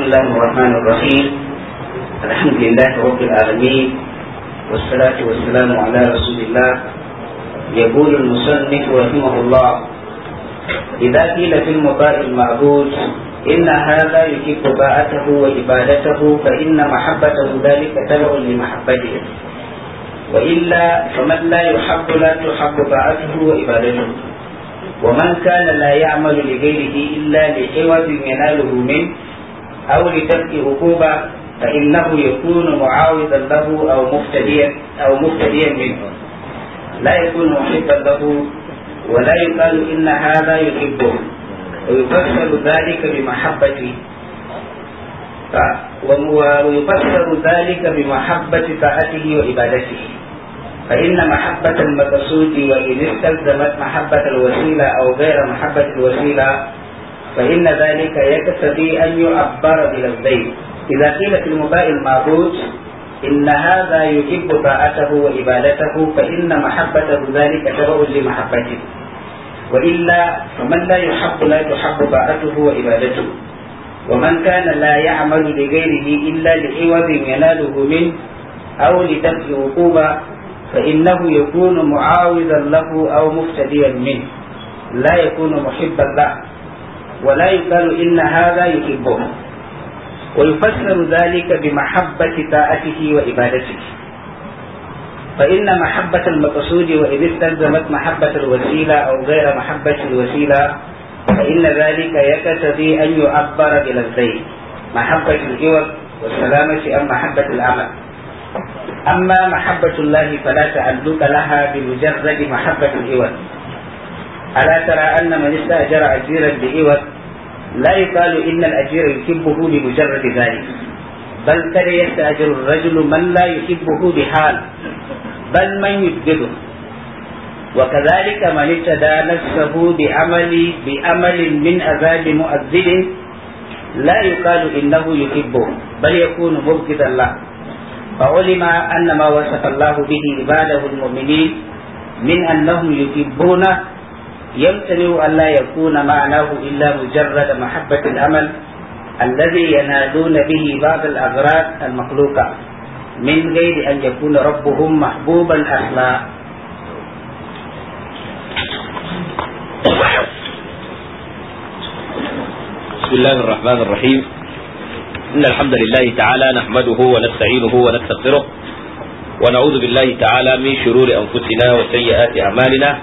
بسم الله الرحمن الرحيم الحمد لله رب العالمين والصلاة والسلام على رسول الله يقول المصنف رحمه الله إذا قيل في المطاع المعبود إن هذا يحب طاعته وعبادته فإن محبته ذلك تبع لمحبته وإلا فمن لا يحب لا تحب طاعته وعبادته ومن كان لا يعمل لغيره إلا لعوض يناله منه أو لدفع عقوبة فإنه يكون معاوضا له أو مفتديا أو مفتديا منه لا يكون محبا له ولا يقال إن هذا يحبه ويفسر ذلك بمحبة ف... ويفسر ذلك بمحبة طاعته وعبادته فإن محبة المقصود وإن استلزمت محبة الوسيلة أو غير محبة الوسيلة فإن ذلك يقتضي أن يعبر بلفظين إذا قيل في المباء المعبود إن هذا يحب طاعته وعبادته فإن محبته ذلك تبع لمحبته وإلا فمن لا يحب لا تحب طاعته وعبادته ومن كان لا يعمل لغيره إلا لعوض يناله منه أو لدفع عقوبة فإنه يكون معاوضا له أو مفتديا منه لا يكون محبا له ولا يقال إن هذا يحبه ويفسر ذلك بمحبة طاعته وعبادته فإن محبة المقصود وإذا استلزمت محبة الوسيلة أو غير محبة الوسيلة فإن ذلك يقتضي أن يعبر بلفظين محبة العوض والسلامة أم محبة العمل أما محبة الله فلا تعلق لها بمجرد محبة العوض ألا ترى أن من استأجر أجيرا بعوض لا يقال إن الأجير يحبه لمجرد ذلك بل كان يستأجر الرجل من لا يحبه بحال بل من يبغضه وكذلك من ابتدى نفسه بعمل بأمل من عذاب مؤذن لا يقال إنه يحبه بل يكون مبغضا له فعلم أن ما وصف الله به عباده المؤمنين من أنهم يحبونه يمتنع أن لا يكون معناه إلا مجرد محبة الأمل الذي ينالون به بعض الأغراض المخلوقة من غير أن يكون ربهم محبوب الأخلاق بسم الله الرحمن الرحيم إن الحمد لله تعالى نحمده ونستعينه ونستغفره ونعوذ بالله تعالى من شرور أنفسنا وسيئات أعمالنا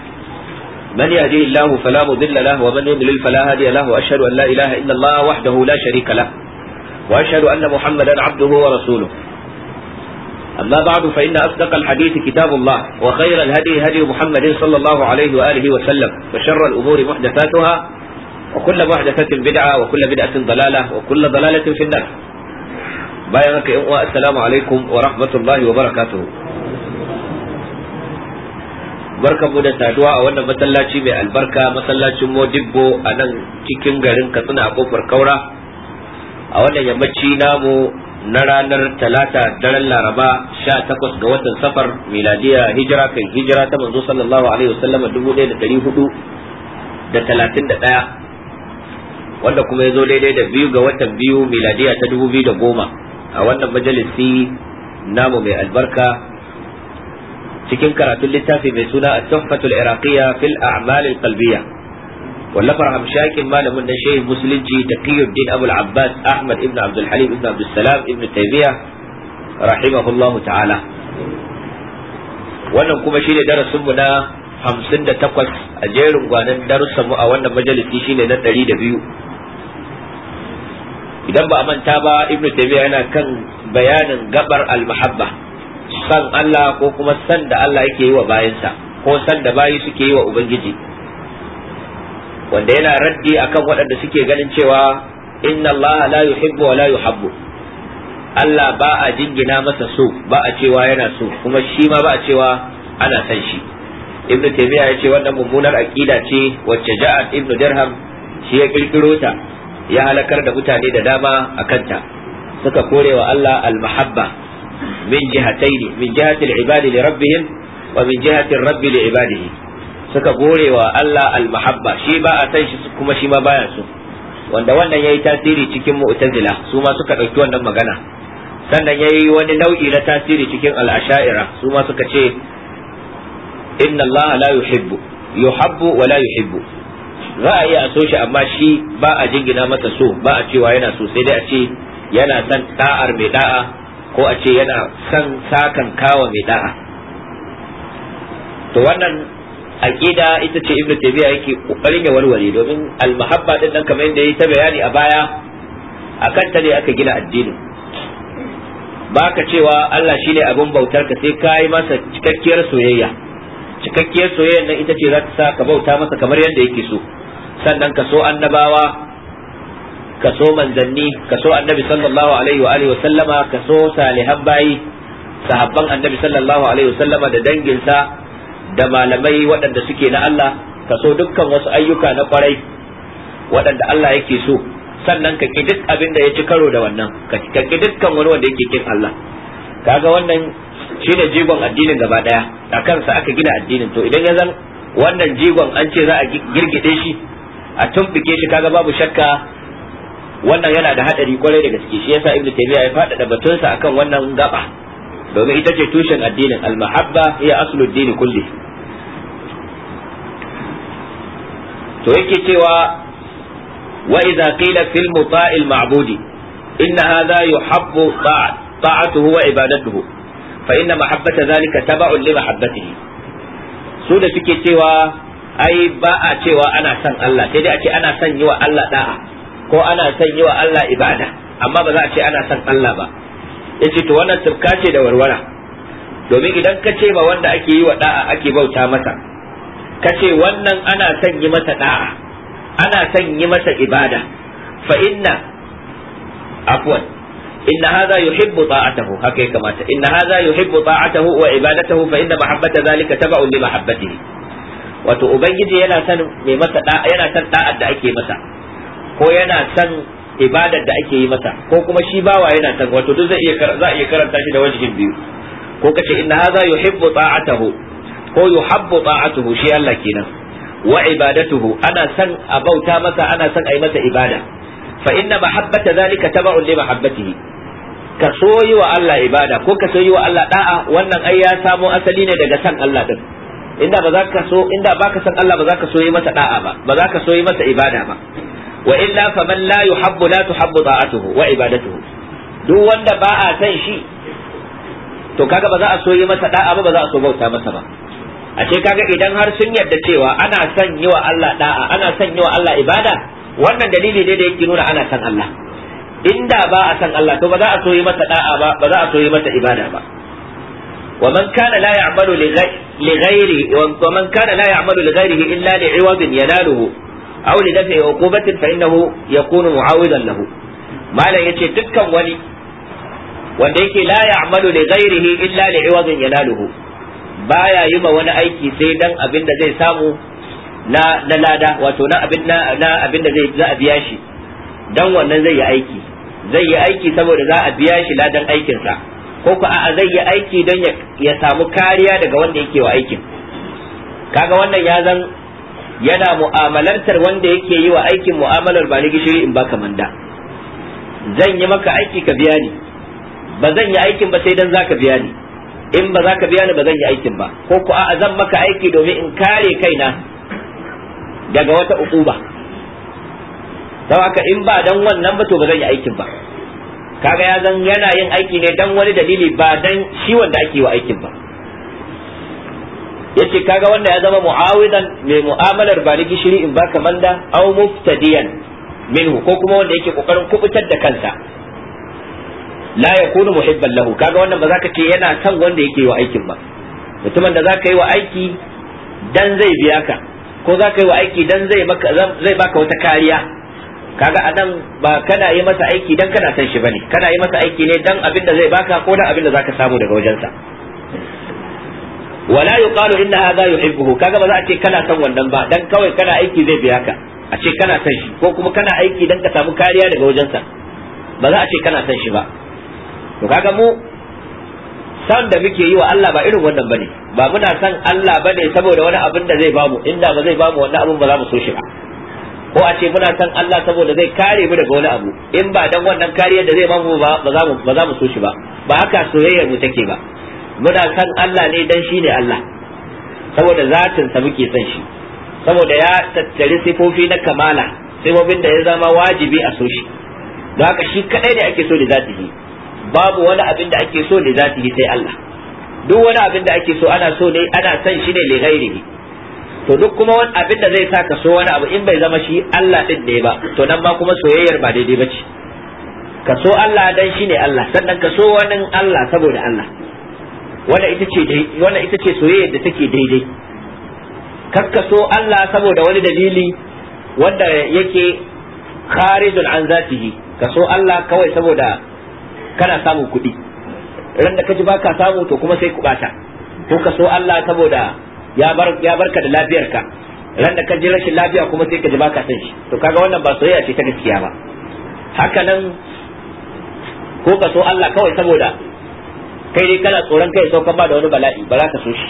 من يهديه الله فلا مضل له ومن يضلل فلا هادي له واشهد ان لا اله الا الله وحده لا شريك له واشهد ان محمدا عبده ورسوله اما بعد فان اصدق الحديث كتاب الله وخير الهدي هدي محمد صلى الله عليه واله وسلم وشر الامور محدثاتها وكل محدثه بدعه وكل بدعه ضلاله وكل ضلاله في النار بايعك السلام عليكم ورحمه الله وبركاته barkamu da saduwa a wannan masallaci mai albarka masallacin modibbo a nan cikin garin katsina a kofar kaura a wannan yammaci namu na ranar talata daren laraba sha takwas ga watan safar miladiya hijira kan hijira ta manzo sallallahu alaihi wasallam dubu ɗaya da dari hudu da talatin da ɗaya wanda kuma ya zo daidai da biyu ga watan biyu miladiya ta dubu biyu da goma a wannan majalisi namu mai albarka cikin karatun littafi mai suna at-tuhfatul iraqiyya fil a'mal al-qalbiyya wallafar hamshakin malamin da shehin musulunci taqiyuddin abul abbas ahmad ibn abdul halim ibn abdul salam ibn taymiya rahimahullah ta'ala wannan kuma shine darasin mu na 58 a jerin gwanan darussan mu a wannan majalisi shine na 102 idan ba a manta ba ibn taymiya yana kan bayanin gabar al-mahabba san Allah ko kuma san da Allah yake yi wa bayansa ko san da bayi suke yi wa ubangiji wanda yana raddi akan waɗanda suke ganin cewa inna Allah la yuhibbu wa la yuhabbu Allah ba a jingina masa so ba a cewa yana so kuma shi ma ba a cewa ana san shi ibn taymiya ya ce wannan mummunar aqida ce wacce ja'at ibn dirham shi ya kirkiro ta ya halakar da mutane da dama a kanta suka kore wa Allah al-mahabba min jihataini min jihati al-ibadi li rabbihim wa min jihati ar-rabbi suka Allah al-mahabba shi ba a san shi kuma shi ma baya wanda wannan yayi tasiri cikin mu'tazila su ma suka ɗauki wannan magana sannan yayi wani nau'i na tasiri cikin al-asha'ira su ma suka ce inna Allah la yuhibbu yuhabbu wa la yuhibbu za a iya asoshi, so shi amma shi ba a jingina masa so ba a cewa yana so sai dai a ce yana son da'ar mai da'a ko a ce yana son sakan kawa mai da'a to wannan aqida ita ce ibnu taymiya yake kokarin ya warware domin almahabba mahabba din nan kamar yadda yayi ta bayani a baya akan ta ne aka gina addini baka cewa Allah shine abin bautar ka sai kai masa cikakkiyar soyayya cikakkiyar soyayya nan ita ce za ta sa ka bauta masa kamar yadda yake so sannan ka so annabawa kaso manzanni kaso annabi sallallahu alaihi wa alihi wasallama kaso salihan bayi sahabban annabi sallallahu alaihi da danginsa da malamai waɗanda suke na Allah kaso dukkan wasu ayyuka na kwarai waɗanda Allah yake so sannan ka duk abin da ya ci karo da wannan ka ki dukkan wani wanda yake kin Allah kaga wannan da jigon addinin gaba daya a kansa aka gina addinin to idan ya zan wannan jigon an ce za a girgide shi a tumɓuke shi kaga babu shakka wannan yana da hadari kwarai da gaske shi yasa ibnu taymiya ya faɗaɗa batunsa akan wannan gaba domin ita ce tushen addinin al-mahabba hiya aslud din kulli to yake cewa wa idza qila fil muta'il ma'budi inna hadha yuhabbu ta'atuhu wa ibadatuhu fa inna mahabbata zalika tab'un li mahabbatihi su da suke cewa ai ba a cewa ana son Allah sai dai a ce ana son yi wa Allah da'a ko ana son yi wa Allah ibada amma ba za a ce ana son Allah ba yace to wannan tufka ce da warwara domin idan ka ce ba wanda ake yi wa da'a ake bauta masa ka ce wannan ana son yi masa da'a ana son yi masa ibada fa inna afwan inna hadha yuhibbu ta'atahu haka ya kamata inna hadha yuhibbu ta'atahu wa ibadatahu fa inna mahabbata zalika tab'un li mahabbatihi wato ubangiji yana son mai masa da'a yana son da'ar da ake masa ko yana san ibadar da ake yi masa ko kuma shi bawa yana san wato duk zai iya za iya karanta shi da wajhin biyu ko kace inna hadha yuhibbu ta'atahu ko yuhibbu ta'atuhu shi Allah kenan wa ibadatuhu ana san a bauta masa ana san a yi masa ibada fa inna mahabbata zalika tabu'un li mahabbatihi ka so yi wa Allah ibada ko ka so yi wa Allah da'a wannan ai ya samo asali ne daga san Allah din inda ba za ka so inda baka san Allah ba za ka so yi masa da'a ba ba za ka so yi masa ibada ba wa illa faman la yuhabbu la tuhabbu ta'atuhu wa ibadatuhu duk wanda ba a san shi to kaga ba za a so yi masa da'a ba ba za a so bauta masa ba a ce kaga idan har sun yarda cewa ana san yi wa Allah da'a ana san yi wa Allah ibada wannan dalili ne da yake nuna ana san Allah inda ba a san Allah to ba za a so yi masa da'a ba ba za a so yi masa ibada ba ومن كان لا يعمل لغيره ومن كان لا يعمل لغيره إلا لعوض yanaluhu aw li dafi uqubatin fa innahu yakunu mu'awidan lahu malam yace dukkan wani wanda yake la ya'malu li ghairihi illa li iwadin yanaluhu baya yi ma wani aiki sai dan abin da zai samu na na lada wato na abin na, na abin da zai za a biya shi dan wannan zai yi aiki zai yi aiki saboda za a biya shi ladan aikinsa ko ku a zai yi aiki don ya samu kariya daga wanda yake wa aikin kaga wannan ya zan yana mu'amalantar wanda yake yi wa aikin mu'amalar ba ni gishiri in baka manda zan yi maka aiki ka biya ni ba zan yi aikin ba sai dan zaka biya ni in ba zaka biya ni ba zan yi aikin ba ko ku a zan maka aiki domin in kare kaina daga wata ukuba don haka in ba dan wannan ba to ba zan yi aikin ba kaga ya zan yana yin aiki ne dan wani dalili ba dan shi wanda ake yi wa aikin ba yace kaga wanda ya zama mu'awidan mai mu'amalar ba gishiri in baka manda aw muftadiyan minhu ko kuma wanda yake kokarin kubutar da kansa la yakunu muhibban lahu kaga wannan ba za ce yana son wanda yake yi wa aikin ba mutumin da za ka yi wa aiki dan zai biya ka ko za yi wa aiki dan zai maka zai baka wata kariya kaga anan ba kana yi masa aiki dan kana san shi bane kana yi masa aiki ne dan abin da zai baka ko dan abin da zaka samu daga wajensa wala yuqalu inna hadha yuhibbuhu kaga ba a ce kana son wannan ba dan kawai kana aiki zai biya ka a ce kana son shi ko kuma kana aiki dan ka samu kariya daga wajensa ba a ce kana son shi ba to kaga mu san da muke yi wa Allah ba irin wannan bane ba muna san Allah bane saboda wani abin da zai bamu inda ba zai bamu wannan abin ba za mu so shi ba ko a ce muna san Allah saboda zai kare mu daga wani abu in ba dan wannan kariyar da zai bamu ba ba za mu ba za mu so shi ba ba haka soyayyar mu take ba muna san Allah ne dan shi ne Allah saboda zatin sa muke san shi saboda ya tattari sifofi na kamala sifofin da ya zama wajibi a so shi don haka shi kadai ne ake so da zatihi babu wani abin da ake so da zatihi sai Allah duk wani abin da ake so ana so ne ana san shi ne li ne? to duk kuma wani abin da zai sa ka so wani abu in bai zama shi Allah din ne ba to nan ma kuma soyayyar ba daidai bace ka so Allah dan shi ne Allah sannan ka so wani Allah saboda Allah wannan ita ce wannan ita ce soyayyar da take daidai kakkaso Allah saboda wani dalili wanda yake kharijul an zatihi kaso Allah kawai saboda kana samun kuɗi ran da kaji baka samu to kuma sai kubata ko kaso Allah saboda ya bar ya barka da lafiyarka ran da kaji rashin lafiya kuma sai kaji baka san shi to kaga wannan ba soyayya ce ta gaskiya ba haka nan ko kaso Allah kawai saboda kai dai kana tsoron kai saukan ba da wani bala'i ba za ka so shi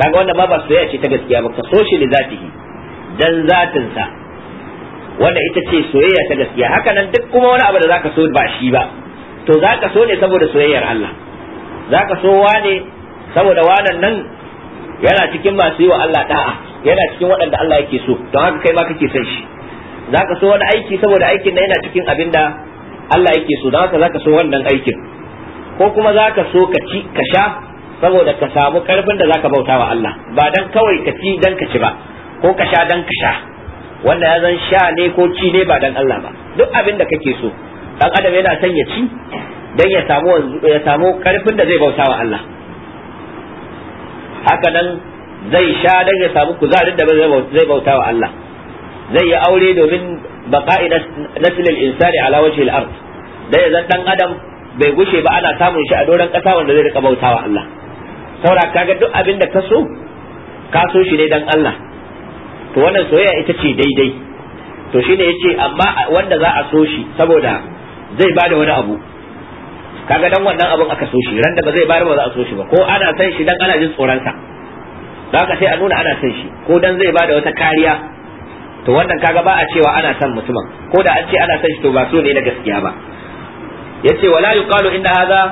kaga wannan ba ba soyayya ce ta gaskiya ba ka so shi da zatihi dan zatinsa wanda ita ce soyayya ta gaskiya haka nan duk kuma wani abu da zaka so ba shi ba to zaka so ne saboda soyayyar Allah zaka so wane saboda wanan nan yana cikin masu yi wa Allah da'a yana cikin waɗanda Allah yake so don haka kai ma kake son shi zaka so wani aiki saboda aikin nan yana cikin abinda da Allah yake so don haka zaka so wannan aikin ko kuma za ka so ka ci ka sha saboda ka samu karfin da za ka bauta wa Allah ba dan kawai ka ci dan ka ci ba ko ka sha dan ka sha wanda ya zan sha ne ko ci ne ba dan Allah ba duk abin da kake so dan adam yana son ya ci dan ya samu ya samu karfin da zai bauta wa Allah haka nan zai sha dan ya samu kuzarin da zai bauta wa Allah zai yi aure domin baqa'i naslil insani ala wajhi al-ard dai zan dan adam bai gushe ba ana samun shi a doron ƙasa wanda zai rika bautawa Allah saura kaga duk abin da ka so ka so shi ne dan Allah to wannan soyayya ita ce daidai to shine yace amma wanda za a so shi saboda zai bada wani abu kaga dan wannan abun aka so shi ran da ba zai bada ba za a so shi ba ko ana san shi dan ana jin tsoron sa za ka sai a nuna ana san shi ko dan zai bada wata kariya to wannan kaga ba a cewa ana san mutumin ko da an ce ana san shi to ba so ne na gaskiya ba yace wala yuqalu inna hadha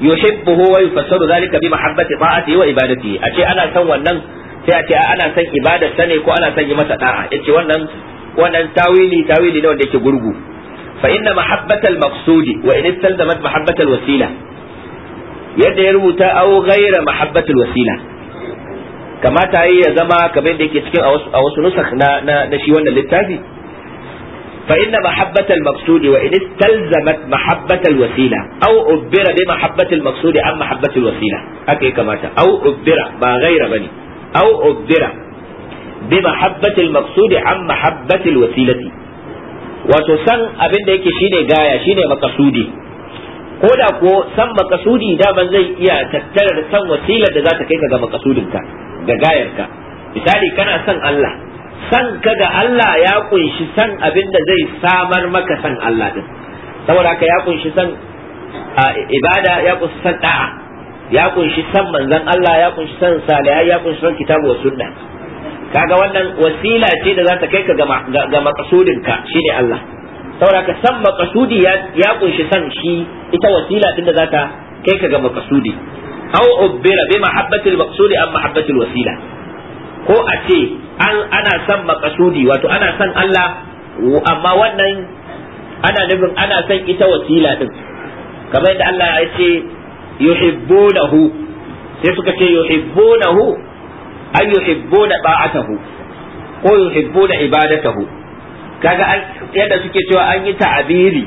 yuhibbuhu wa yufassaru dhalika bi mahabbati ta'ati wa ibadati a ce ana san wannan sai a ce ana san ibadar ta ne ko ana san yi masa da'a yace wannan wannan tawili tawili ne wanda yake gurgu fa inna mahabbatal maqsudi wa in istalzamat mahabbatal wasila yadda ya rubuta au ghaira mahabbatul wasila kamata yi ya zama kamar yadda yake cikin a wasu nusakh na na shi wannan littafi فإن محبة المقصود وإن استلزمت محبة الوسيلة أو أبر بمحبة المقصود عن محبة الوسيلة أكي كما أو أبر ما غير بني أو أبر بمحبة المقصود عن محبة الوسيلة وتسن أبن ديك شيني غاية شيني مقصودي ko da ko san makasudi daman zai iya tattara san wasilar da za ta kai ka ga makasudinka da gayarka misali kana son Allah san ka da Allah ya kunshi san abin da zai samar maka san Allah din saboda haka ya kunshi san ibada ya kunshi san da'a ya kunshi san manzon Allah ya kunshi san salihai ya kunshi san kitabu wa sunna kaga wannan wasila ce da za ta kai ka ga maqsudin ka shine Allah saboda haka san maqsudi ya kunshi san shi ita wasila din da za ta kai ka ga maqsudi aw ubbira bi mahabbati al-maqsudi am mahabbati al-wasila ko a ce ana son makasudi wato ana son Allah amma wannan ana nufin ana son ita wasila din kamar yadda Allah ya ce yuhibbunahu sai suka ce yuhibbunahu ay yuhibbuna ba'atahu ko yuhibbuna ibadatahu kaga yadda suke cewa an yi ta'abiri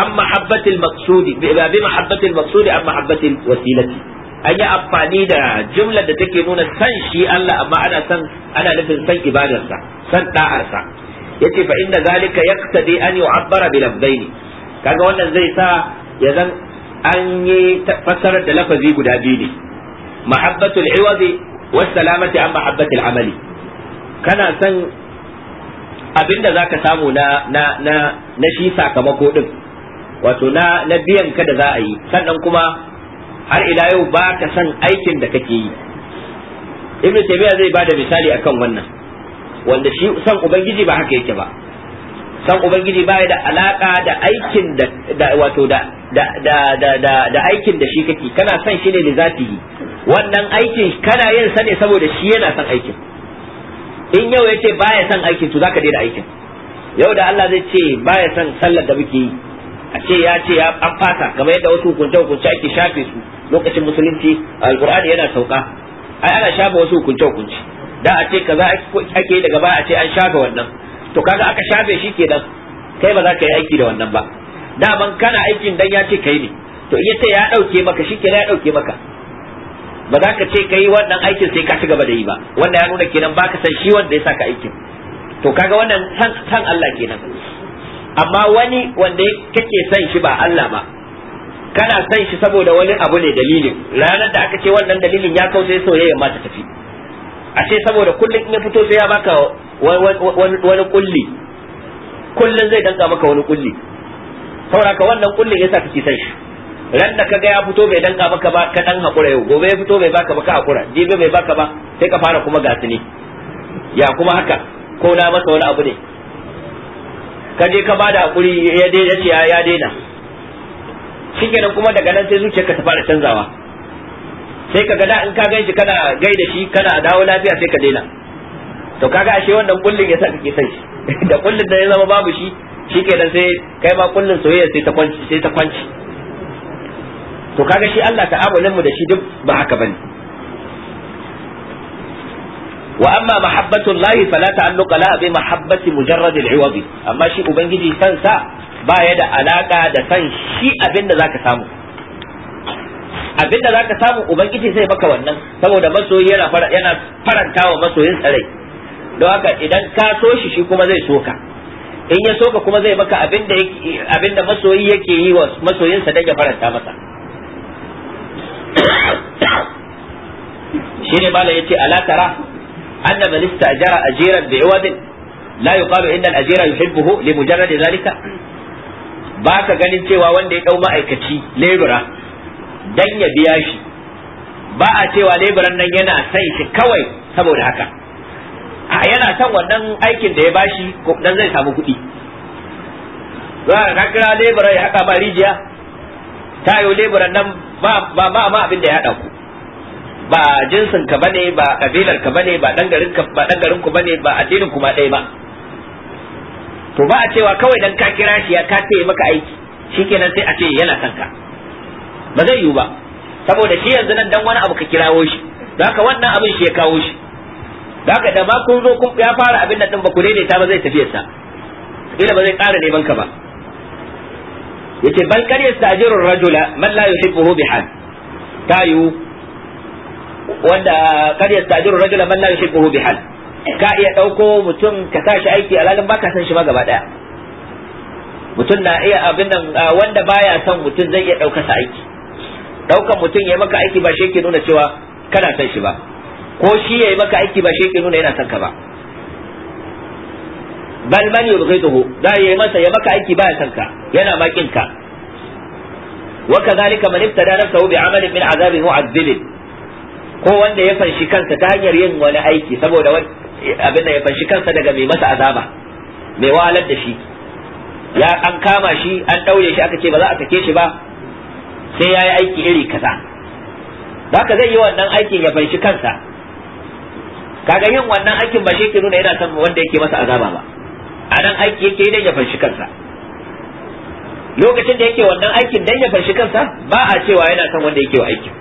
an mahabbatil maqsudi bi mahabbatil maqsudi an mahabbatil wasilati an yi amfani da jumlar da take nuna san shi Allah amma ana san ana nufin san ibadarsa san da'arsa yace fa inda zalika yaqtadi an yu'abbara bi lafzaini kaga wannan zai sa ya zan an yi fassarar da lafazi guda biyu ne mahabbatul iwazi wa salamati an mahabbatul amali kana san abinda zaka samu na na na, na shi sakamako din wato na na biyan ka da za a yi sannan kuma har ila yau ba ka san aikin da kake yi ibn taymiya zai bada misali akan wannan wanda shi san ubangiji ba haka yake ba san ubangiji baya da alaka da aikin da wato da da aikin da shi kake kana son shi ne da wannan aikin kana yin sa ne saboda shi yana san aikin in yau yace ce baya son aikin to zaka da aikin yau da Allah zai ce baya son sallar da muke yi a ce ya ce ya an fasa kamar yadda wasu hukunce hukunce ake shafe su lokacin musulunci alkur'ani yana sauka ai ana shafa wasu hukunce hukunci da a ce kaza ake daga baya a ce an shafe wannan to kaga aka shafe shi nan kai ba za ka yi aiki da wannan ba daman kana aikin dan ya ce kai ne to iya ta ya dauke maka shi ya dauke maka ba za ka ce kai wannan aikin sai ka ci gaba da yi ba wanda ya nuna kenan baka san shi wanda ya saka aikin to kaga wannan san Allah kenan amma wani wanda kake san shi ba Allah ba kana san shi saboda wani abu ne dalilin ranar da aka ce wannan dalilin ya kau sai soyayya ma ta tafi ce saboda kullum in ya fito sai ya baka wani kulli kullum zai danka maka wani kulli saboda ka wannan kullin yasa kake san shi ran da kaga ya fito bai danka maka ba ka dan hakura yau gobe ya fito bai baka ba ka hakura jibe bai baka ba sai ka fara kuma gasini ne ya kuma haka ko na masa wani abu ne ka je ka bada hakuri ya daina ya daina shikenan kuma daga nan sai zuciyarka ta fara canzawa sai ka gada in ka gan shi kana gaida shi kana dawo lafiya sai ka daina to kaga ashe wannan kullun yasa kake son shi da kullun da ya zama babu shi shikenan sai kai ma kullun soyayya sai ta kwanci sai ta kwanci to kaga shi Allah ta'awulin mu da shi duk ba haka bane واما محبه الله فلا تعلق لها بمحبه مجرد العوض amma shi ubangiji kansa ba ya da alaka da san shi abin da zaka samu abin da zaka samu ubangiji zai maka wannan saboda masoyi yana yana faranta wa masoyin rai don haka idan ka so shi shi kuma zai so ka in ya so ka kuma zai maka abin da abin da masoyi yake yi wa masoyinsa dan ya faranta masa ne bala yace ala tara anna man istajara ajiran bi'wadin la yuqalu inna al-ajira yuhibbuhu li mujarrad dhalika ba ka ganin cewa wanda ya ɗau ma'aikaci lebura dan ya biya shi ba a cewa leburan nan yana sai shi kawai saboda haka a yana son wannan aikin da ya bashi dan zai samu kuɗi za ka kira lebura ya haƙa ba rijiya yi leburan nan ba ma ma abin da ya haɗa ku ba jinsin ka bane ba kabilar ka bane ba dan garin ku bane ba addinin ku ma ɗaya ba to ba a cewa kawai dan ka kira shi ya ka taya maka aiki shikenan sai a ce yana son ka ba zai yiwu ba saboda shi yanzu nan dan wani abu ka kirawo shi zaka wannan abin shi ya kawo shi zaka da ma kun zo kun ya fara abin da din ba ku daidaita ba zai tafiyar sa kila ba zai ƙara neman ka ba yace bal kar yastajiru rajula man la yuhibbuhu bihal tayu wanda kar yastajiru rajula man la yuhibbuhu bihal ka iya ɗauko mutum ka sa shi aiki a ba ka san shi ma gaba ɗaya mutum na iya abin nan wanda baya son mutum zai iya ɗauka sa aiki ɗaukan mutum ya maka aiki ba shi yake nuna cewa kana san shi ba ko shi ya maka aiki ba shi yake nuna yana son ka ba bal man yubghiduhu da yayi masa ya maka aiki ya san ka yana ma kin ka wa kadhalika man ibtada nafsahu bi amalin min azabin mu'adhdhib ko wanda ya fanshi kansa ta hanyar yin wani aiki saboda wani abin da ya fanshi kansa daga mai masa azaba mai wahalar da shi ya an kama shi an daure shi aka ce ba za a sake shi ba sai ya yi aiki iri kaza ka zai yi wannan aikin ya fanshi kansa kaga yin wannan aikin ba shi ke nuna yana son wanda yake masa azaba ba a nan aiki yake dan ya fanshi kansa lokacin da yake wannan aikin dan ya fanshi kansa ba a cewa yana son wanda yake wa aikin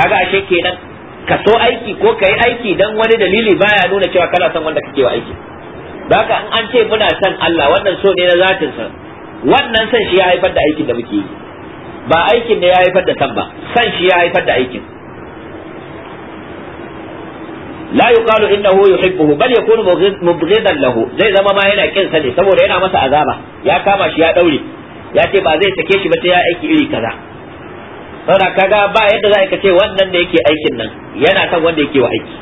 kaga ashe kenan ka so aiki ko ka yi aiki dan wani dalili baya nuna cewa kana son wanda kake wa aiki Ba ka an ce muna son Allah wannan so ne na zatin sa wannan son shi ya haifar da aikin da muke yi ba aikin da ya haifar da san ba san shi ya haifar da aikin la yuqalu innahu yuhibbuhu bal yakunu mubghidan lahu zai zama ma yana kin sa ne saboda yana masa azaba ya kama shi ya daure ya ce ba zai sake shi ba sai ya aiki iri kaza saboda kaga ba yadda za ka ce wannan da yake aikin nan yana kan wanda yake wa aiki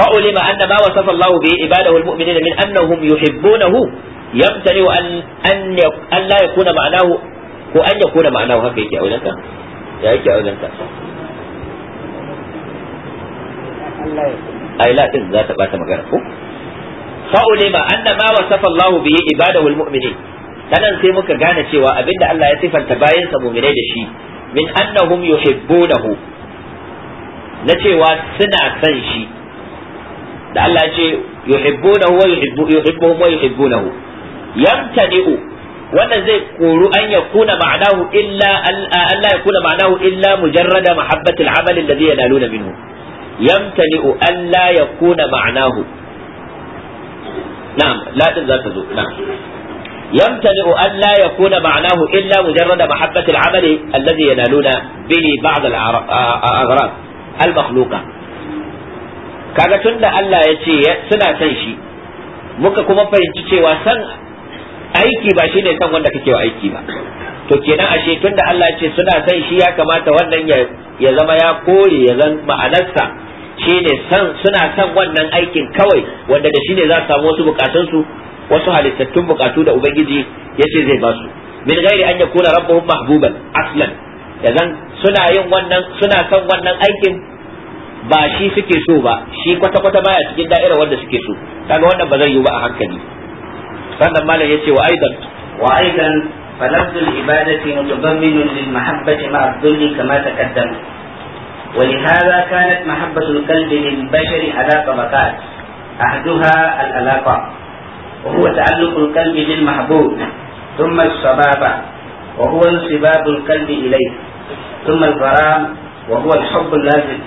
فعلم أن ما وصف الله به عباده المؤمنين من أنهم يحبونه يمتنع أن أن أن لا يكون معناه وأن يكون معناه هكا يا أولاد يا za ta bata magana ko fa ulima anna ma wasafa nan sai muka gane cewa abinda Allah ya sifanta bayan sa mu'minai da shi min annahum yuhibbunahu na cewa suna son shi da Allah ya ce yuhibbunahu wa yuhibbuhum wa yuhibbunahu yamtani'u wannan zai koru an ya kuna ma'anahu illa Allah ya kuna ma'anahu illa mujarrada mahabbatil amal alladhi yanaluna minhu yamtani'u ya kuna ma'anahu na'am ladin za ta zo na'am يمتنع أن لا يكون معناه إلا مجرد محبة العمل الذي ينالون به بعض الأغراض المخلوقة kaga tunda Allah ya ce suna son shi muka kuma fahimci cewa san aiki ba shine san wanda kake wa aiki ba to kenan ashe tunda Allah ya ce suna son shi ya kamata wannan ya zama ya kore ya zan ma'anarsa shine san suna son wannan aikin kawai wanda da shine za su samu wasu bukatunsu wasu halittattun bukatu da ubangiji ya ce zai basu min ghairi an yakuna rabbuhum mahbuban aslan yazan suna yin wannan suna son wannan aikin ba shi suke so ba shi kwata kwata baya cikin da'ira wanda suke so kaga wannan ba zai yi ba a hankali sannan malam yace wa aidan wa aidan فلفظ العبادة متضمن للمحبة مع الذل كما تقدم ولهذا كانت محبة القلب للبشر على طبقات أحدها العلاقة وهو تعلق القلب بالمحبوب ثم الصبابة وهو انصباب القلب إليه ثم الغرام وهو الحب اللازم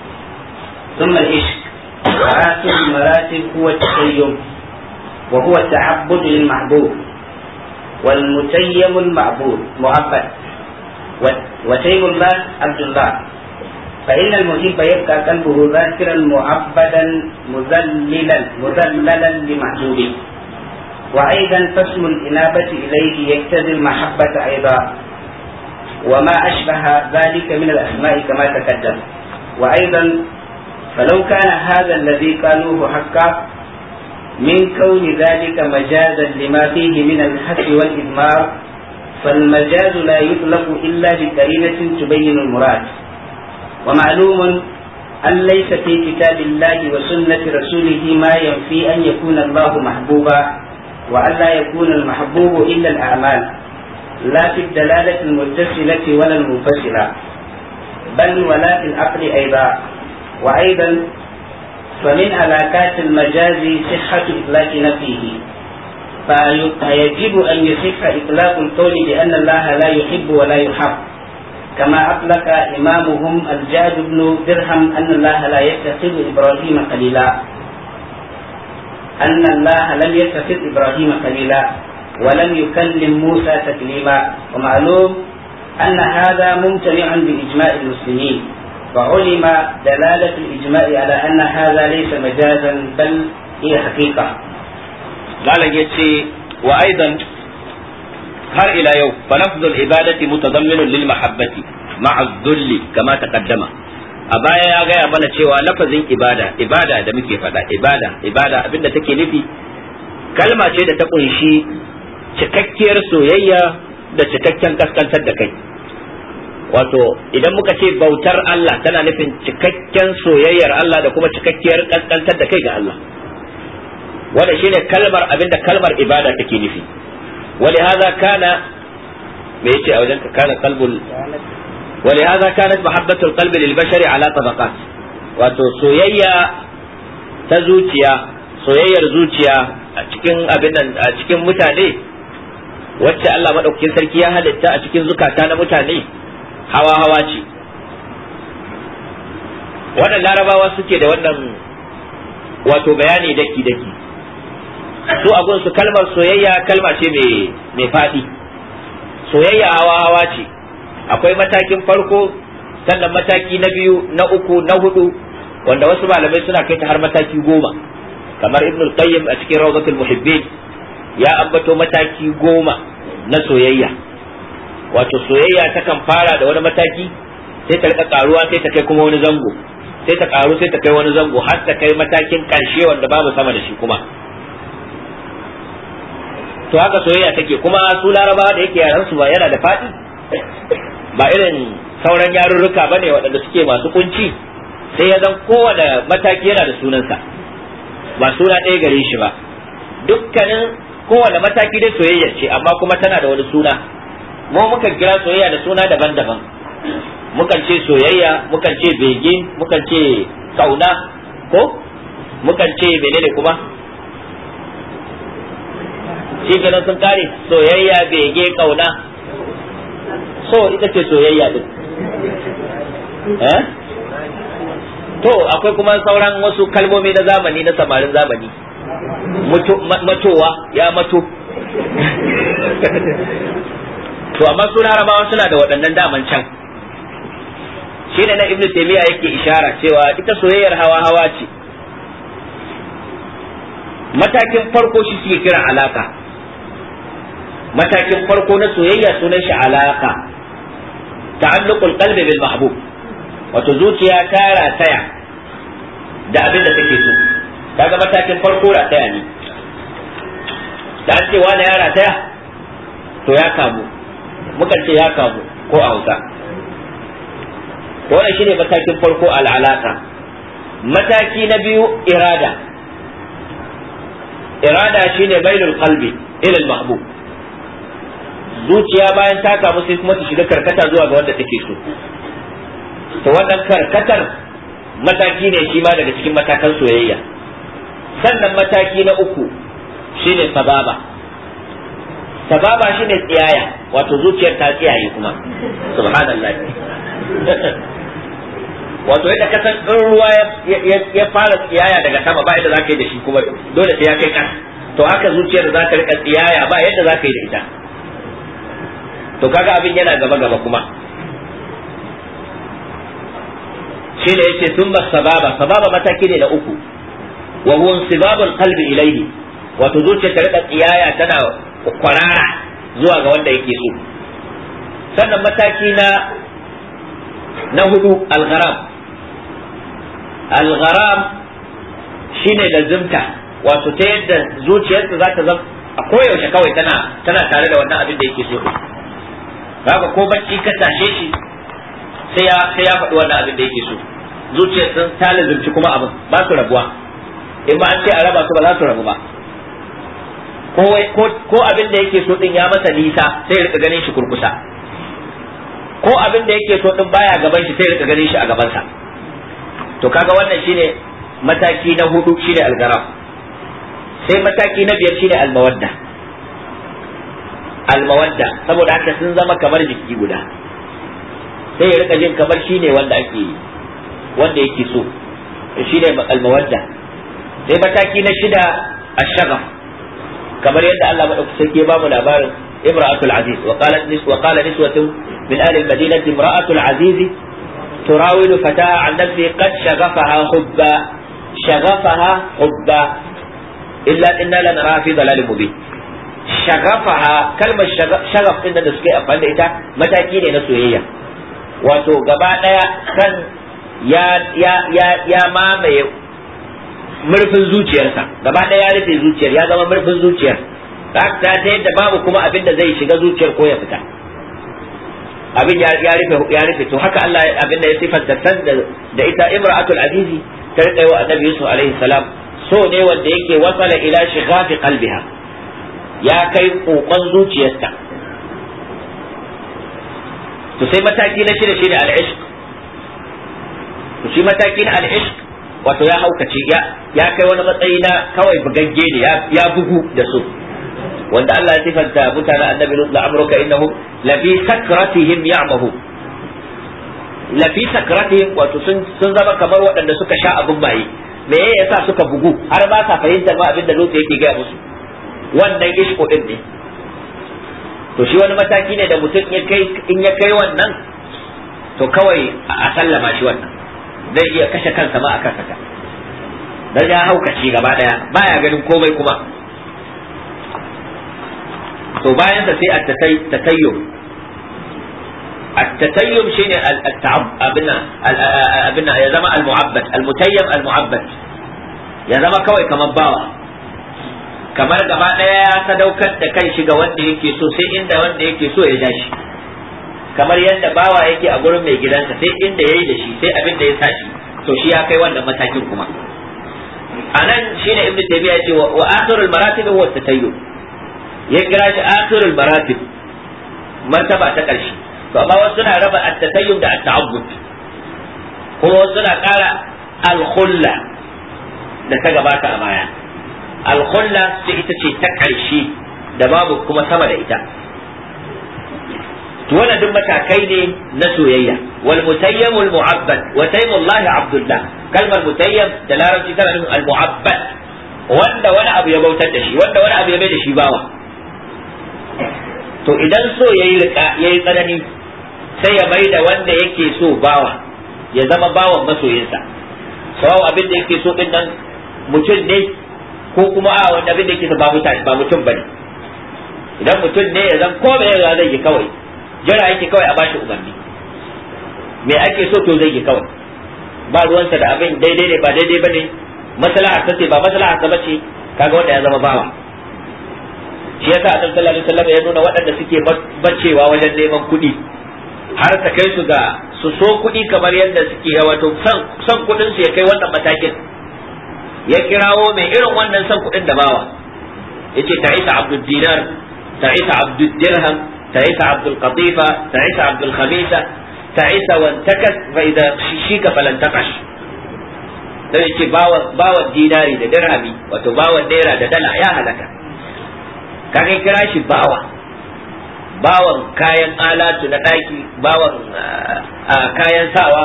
ثم العشق وآخر المراتب هو التقيم وهو التعبد للمحبوب والمتيم المعبود معبد وتيم الله عبد الله فإن المحب يبقى قلبه ذاكرا معبدا مذللا مذللا لمحبوبه وأيضا قسم الإنابة إليه يقتضي المحبة أيضا وما أشبه ذلك من الأسماء كما تقدم وأيضا فلو كان هذا الذي قالوه حقا من كون ذلك مجازا لما فيه من الحس والإدمار فالمجاز لا يطلق إلا بكلمة تبين المراد ومعلوم أن ليس في كتاب الله وسنة رسوله ما ينفي أن يكون الله محبوبا وألا يكون المحبوب إلا الأعمال لا في الدلالة المتصلة ولا المنفصلة بل ولا في العقل أيضا وأيضا فمن علاقات المجاز صحة إطلاق نفيه فيجب أن يصح إطلاق القول بأن الله لا يحب ولا يحب كما أطلق إمامهم الجاد بن درهم أن الله لا يتخذ إبراهيم خليلا أن الله لم يتخذ إبراهيم خليلا ولم يكلم موسى تكليما ومعلوم أن هذا ممتنع بإجماع المسلمين وعلم دلالة الإجماع على أن هذا ليس مجازا بل هي حقيقة قال يتي وأيضا هر إلى يوم فلفظ العبادة متضمن للمحبة مع الذل كما تقدم a baya ya gaya mana cewa lafazin ibada ibada da muke faɗa ibada ibada abinda take nufi kalma ce da ta kunshi cikakkiyar soyayya da cikakken kaskantar da kai wato idan muka ce bautar Allah tana nufin cikakken soyayyar Allah da kuma cikakkiyar kaskantar da kai ga Allah wanda shine kalmar abinda kalmar ibada take nufi haza kana me yace a wajen ka kana kalbul ولهذا كانت محبة القلب للبشر على طبقات وتسويا تزوجيا soyayyar zuciya a cikin abin nan a cikin mutane wacce Allah madaukakin sarki ya halitta a cikin zukata na mutane hawa hawa ce wannan larabawa suke da wannan wato bayani daki daki su abun su kalmar soyayya kalma ce mai faɗi soyayya hawa hawa ce akwai matakin farko sannan mataki na biyu na uku na hudu wanda wasu malamai suna kai ta har mataki goma kamar Ibn qayyim a cikin rawdatul muhibbin ya ambato mataki goma na soyayya wato soyayya ta kan fara da wani mataki sai ta rika karuwa sai ta kai kuma wani zango sai ta karu sai ta kai wani zango har ta kai matakin karshe wanda babu sama da shi kuma to haka soyayya take kuma su larabawa da yake yaran su ba yana da fadi ba irin sauran yarurruka ba ne waɗanda suke masu kunci sai ya zan kowane mataki yana da sunansa ba suna ɗaya gare shi ba dukkanin kowane mataki dai soyayya ce amma kuma tana da wani suna mu muka kira soyayya da suna daban-daban mukan ce soyayya mukan ce bege mukan ce kauna ko mukan ce menene kuma shi kenan sun kare soyayya bege kauna so ita ce soyayya din eh to akwai kuma sauran wasu kalmomi na zamani na samarin zamani matowa ya mato to amma su larabawa suna da waɗannan daman can shi ne na ibn taimiyya yake ishara cewa ita soyayyar hawa hawa ce matakin farko shi suke kira alaka matakin farko na soyayya sunan shi alaka ta'alluqul qalbi bil mahbub wato zuciya ta rataya da abin da take so kaga matakin farko rataya ne da an ce wani ya rataya to ya kamu mukan ce ya kamu ko a hausa Ko wannan shine matakin farko al'alaka mataki na biyu irada irada shine bainul qalbi ila al mahbub zuciya bayan ta kamu sai kuma ta shiga karkata zuwa ga wanda take so to wannan karkatar mataki ne shi ma daga cikin matakan soyayya sannan mataki na uku shine sababa sababa shine tsiyaya wato zuciyar ta tsiyaye kuma subhanallah wato yadda ka san in ruwa ya fara tsiyaya daga sama ba yadda zaka yi da shi kuma dole sai ya kai ƙasa to haka zuciyar za ta rika tsiyaya ba yadda zaka yi da ita to kaga abin yana gaba gaba kuma shi ne sun ba sababa sababa mataki ne na uku wa huwa sababul qalbi ilayhi wato zuciya ta rika tsiyaya tana kwarara zuwa ga wanda yake so sannan mataki na na hudu al-gharam al shine lazimta wato ta yadda zuciyarsa za ta zama a koyaushe kawai tana tana tare da wannan abin da yake so kaga ko bacci ka tashe shi sai ya sai ya faɗi wannan abin da yake so zuciyar sun talizumci kuma abin ba su rabuwa in ba an ce a raba su ba za su rabu ba ko abin da yake so din ya masa nisa sai rika ganin shi kurkusa ko abin da yake so din baya gaban shi sai rika ganin shi a gabansa to kaga wannan shine mataki na hudu shine algaram sai mataki na biyar shine almawadda almawadda saboda haka sun zama kamar jiki guda sai ya rika jin kamar shi ne wanda ake wanda yake so ne almawadda sai mataki na shida a ashagaf kamar yadda Allah madaukaki ya bamu labarin imra'atul aziz wa qalat nis wa qala niswatu min ahli al-madinati imra'atul aziz تراود فتاة عن نفسه shagafaha hubba, حبا شغفها حبا إلا إنا لنراها في ضلال مبين shagafaha kalmar shagaf din da suka yi amfani da ita mataki ne na soyayya wato gaba daya kan ya ya ya ya mamaye murfin zuciyarsa gaba daya ya rufe zuciyar ya zama murfin zuciyar ta ta yadda babu kuma abin da zai shiga zuciyar ko ya fita abin ya rufe ya rufe to haka Allah abin da ya sifanta san da ita imra'atul azizi ta rika wa annabi yusuf alaihi salam so ne wanda yake wasala ila shighafi qalbiha ya kai kokon zuciyarsa to sai mataki na shida shi da ishq to shi mataki na al wato ya haukace ya ya kai wani matsayi na kawai bugagge ne ya bugu da su wanda Allah ya sifanta mutanen annabi Lut amruka innahum lafi sakratihim ya'mahu lafi sakratihim wato sun sun zama kamar waɗanda suka sha abin maye me yasa suka bugu har ba sa fahimtar ma abin da Lut yake gaya musu wannan ishku din ne to shi wani mataki ne da mutum in ya kai wannan to kawai a sallama shi wannan zai iya kashe kansa ma a akan haka dan ya haukace gaba daya baya ganin komai kuma to bayan da sai at-tatayyum at-tatayyum shine al-ta'ab abina abina ya zama al-mu'abbad al-mutayyib al-mu'abbad ya zama kawai kamar bawa kamar gaba ɗaya ya sadaukar da kan shi ga wanda yake so sai inda wanda yake so ya shi kamar yadda bawa yake a gurin mai gidansa sai inda yayi da shi sai abin da ya sa shi to shi ya kai wannan matakin kuma anan shine ibnu taymiya yace wa akhirul maratib huwa tatayyub ya kira shi akhirul maratib martaba ta ƙarshe to amma wasu suna raba at-tatayyub da at-ta'abbud kuma wasu suna ƙara al-khulla da ta gabata a baya alkhulla sai ita ce ta ƙarshe da babu kuma sama da ita to wannan duk matakai ne na soyayya wal mutayyam al mu'abbad wa taymullahi abdullah kalmar mutayyam da larabci tana nufin al mu'abbad wanda wani abu ya bautar da shi wanda wani abu ya mai da shi bawa to idan so yayi rika yayi tsanani sai ya bai da wanda yake so bawa ya zama bawan masoyinsa sawa abin da yake so din nan mutum ne ko kuma a wanda abin da yake ba mutane ba mutum bane idan mutum ne ya zan ko me ya zai yi kawai jira yake kawai a bashi umarni me ake so to zai yi kawai ba ruwansa da abin daidai ne ba daidai bane maslaha ta ce ba maslaha ta bace kaga wanda ya zama bawa shi yasa a sallallahu alaihi wasallam ya nuna waɗanda suke bacewa wajen neman kuɗi har ta kai su ga su so kuɗi kamar yadda suke wato san kuɗin su ya kai wannan matakin ya kirawo mai irin wannan san kuɗin da bawa yace isa abdul dinar ta isa abdul dirham isa abdul qatifa isa abdul khamisa isa wan takas fa idza shika falan takash dan yace bawa bawa dinari da dirhami wato bawa naira da dala ya halaka kage kira shi bawa bawan kayan alatu na daki. bawan ah, ah, kayan sawa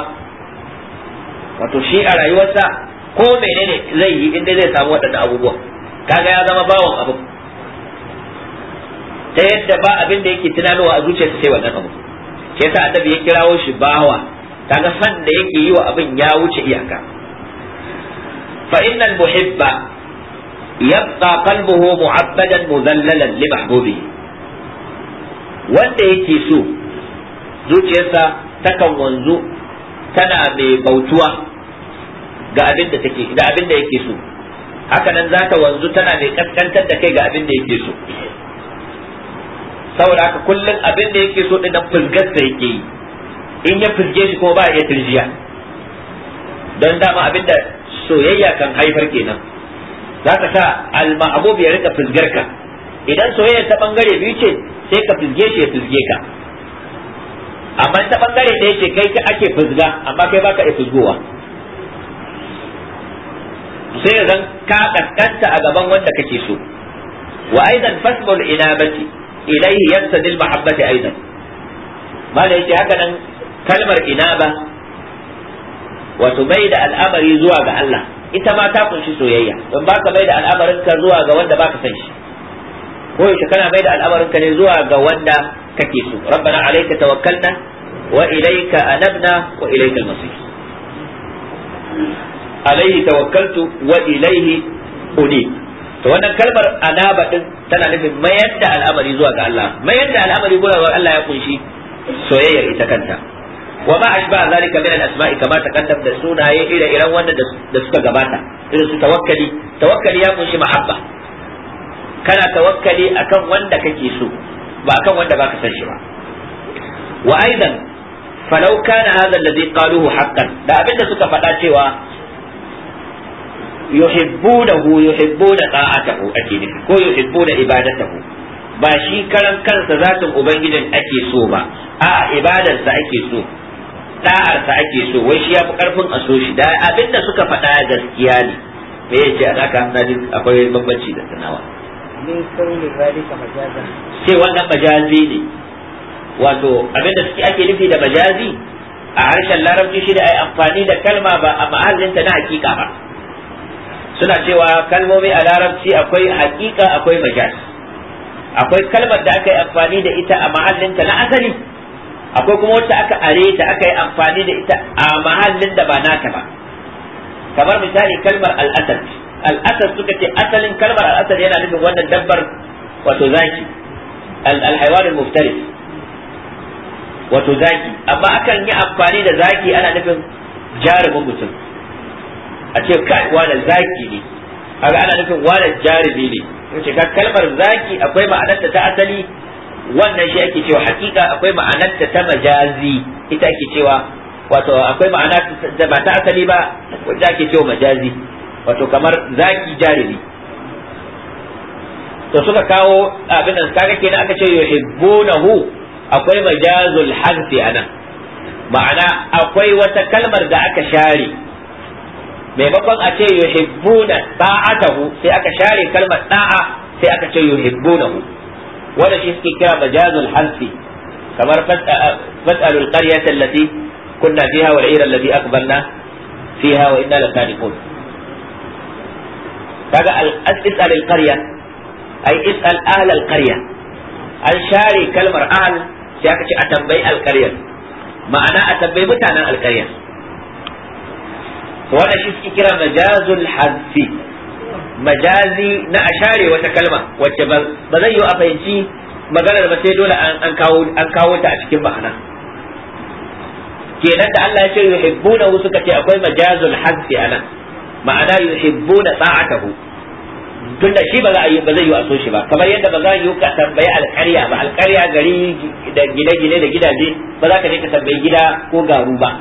wato shi a rayuwarsa ko menene zai yi inda zai samu waɗannan abubuwan kaga ya zama bawan abu ta yadda ba abin da yake tunanowa a zuciyarsa sai wannan abu ke yasa annabi ya kirawo shi bawa kaga san da yake yi wa abin ya wuce iyaka fa innal muhibba yabqa qalbuhu mu'abbadan mudhallalan li mahbubi wanda yake so zuciyarsa takan wanzu tana mai bautuwa ga abin da take da abin da yake so haka nan za ta wanzu tana mai kaskantar da kai ga abin da yake so saboda haka kullum abin da yake so din fulgar da yake yi in ya fulge shi kuma ba ya turjiya don dama abin da soyayya kan haifar kenan za ka sa al-ma'bub ya rika fulgar ka idan soyayya ta bangare biyu ce sai ka fulge shi ya fulge ka amma ta bangare da ce kai ka ake fusga amma kai baka iya fusgowa sai zan ka kaskanta a gaban wanda kake so wa aidan fasbul inabati ilayhi yastadil mahabbati aidan mala yace haka nan kalmar inaba wato bai da al'amari zuwa ga Allah ita ma ta kunshi soyayya don baka bai da al'amarin ka zuwa ga wanda baka san shi ko yake kana bai da al'amarin ka ne zuwa ga wanda kake so rabbana alayka tawakkalna wa ilayka anabna wa ilayka al-masir alaihi tawakkaltu wa ilaihi unib to wannan kalmar anaba din tana nufin mayar da al'amari zuwa ga Allah mayar da al'amari zuwa ga Allah ya kunshi soyayyar ita kanta wa ma ashba zalika min al-asma'i kama taqaddam da sunaye ira iran wanda da suka gabata irin su tawakkali tawakkali ya kunshi mahabba kana tawakkali akan wanda kake so ba akan wanda baka san shi ba wa aidan falau kana hadha alladhi qaluhu haqqan da abinda suka faɗa cewa da yuhibbunahu yuhibbuna ta'atahu ake nufi ko yuhibbuna ibadatahu ba shi karan kansa zatin ubangidan ake so ba a ibadarsa ake so da'arsa ake so wai shi yafi karfin a so shi da abinda suka faɗa gaskiya ne me yace a haka na jin akwai babbanci da sanawa ne sai wannan majazi ne wato abinda suke ake nufi da majazi a harshen larabci shi da ai amfani da kalma ba a ma'azinta na hakika ba suna cewa kalmomi a larabci akwai haƙiƙa akwai majaz akwai kalmar da aka yi amfani da ita a ta na asali akwai kuma wacce aka are ta aka yi amfani da ita a mahallin da ba nata ba kamar misali kalmar al'asad al'asad suka ce asalin kalmar al'asad yana nufin wannan dabbar wato zaki al-haywan al-muftaris wato zaki amma akan yi amfani da zaki ana nufin jarumin mutum a ce kai wala zaki ne kaga ana nufin wala jarumi ne ce ka kalmar zaki akwai ma'anarta ta asali wannan shi ake cewa hakika akwai ma'anarta ta majazi ita ake cewa wato akwai ma'ana da ba ta asali ba wanda ake cewa majazi wato kamar zaki jarumi to suka kawo abin nan kaga kenan aka ce yuhibbunahu akwai majazul hadfi anan ma'ana akwai wata kalmar da aka share maimakon a ce yuhibbuna ta'atahu sai aka share kalmar da'a sai aka ce hu wanda shi suke kira majazul halfi kamar fas'alul qaryata allati kunna fiha wal ira allati akbarna fiha wa inna lasadiqun kaga al-is'al al-qarya ay is'al ahla al-qarya an share kalmar ahl sai aka ce a tambayi al-qaryar ma'ana a tambayi mutanen al-qaryar wanda shi suke kira majazul hadfi majazi na ashare wata kalma wacce ba zai yi a fahimci maganar ba sai dole an kawo ta a cikin ma'ana kenan da Allah ya ce yuhibbuna suka ce akwai majazul hadfi anan ma'ana yuhibbuna ta'atahu tunda shi ba za a yi ba zai yi a so shi ba kamar yadda ba za yi ka tambayi alƙarya ba alƙarya gari da gine-gine da gidaje ba za ka je ka tambayi gida ko garu ba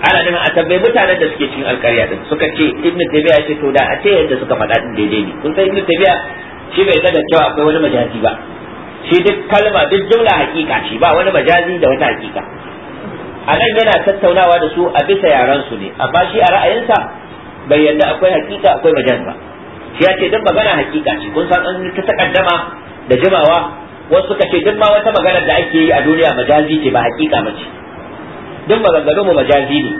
ana nan a tambayi mutanen da suke cikin alkarya din suka ce ibnu tabi'a ya ce to da a ce yadda suka faɗa din daidai ne kun san ibnu tabi'a shi bai da cewa akwai wani majazi ba shi duk kalma duk jumla hakika shi ba wani majazi da wata hakika a nan yana tattaunawa da su a bisa yaran su ne amma shi a ra'ayinsa bai yadda akwai hakika akwai majaz ba shi ya ce duk magana hakika ce kun san an ta takaddama da jimawa wasu suka ce duk ma wata magana da ake yi a duniya majazi ce ba hakika ba ce duk maganganun mu majazi ne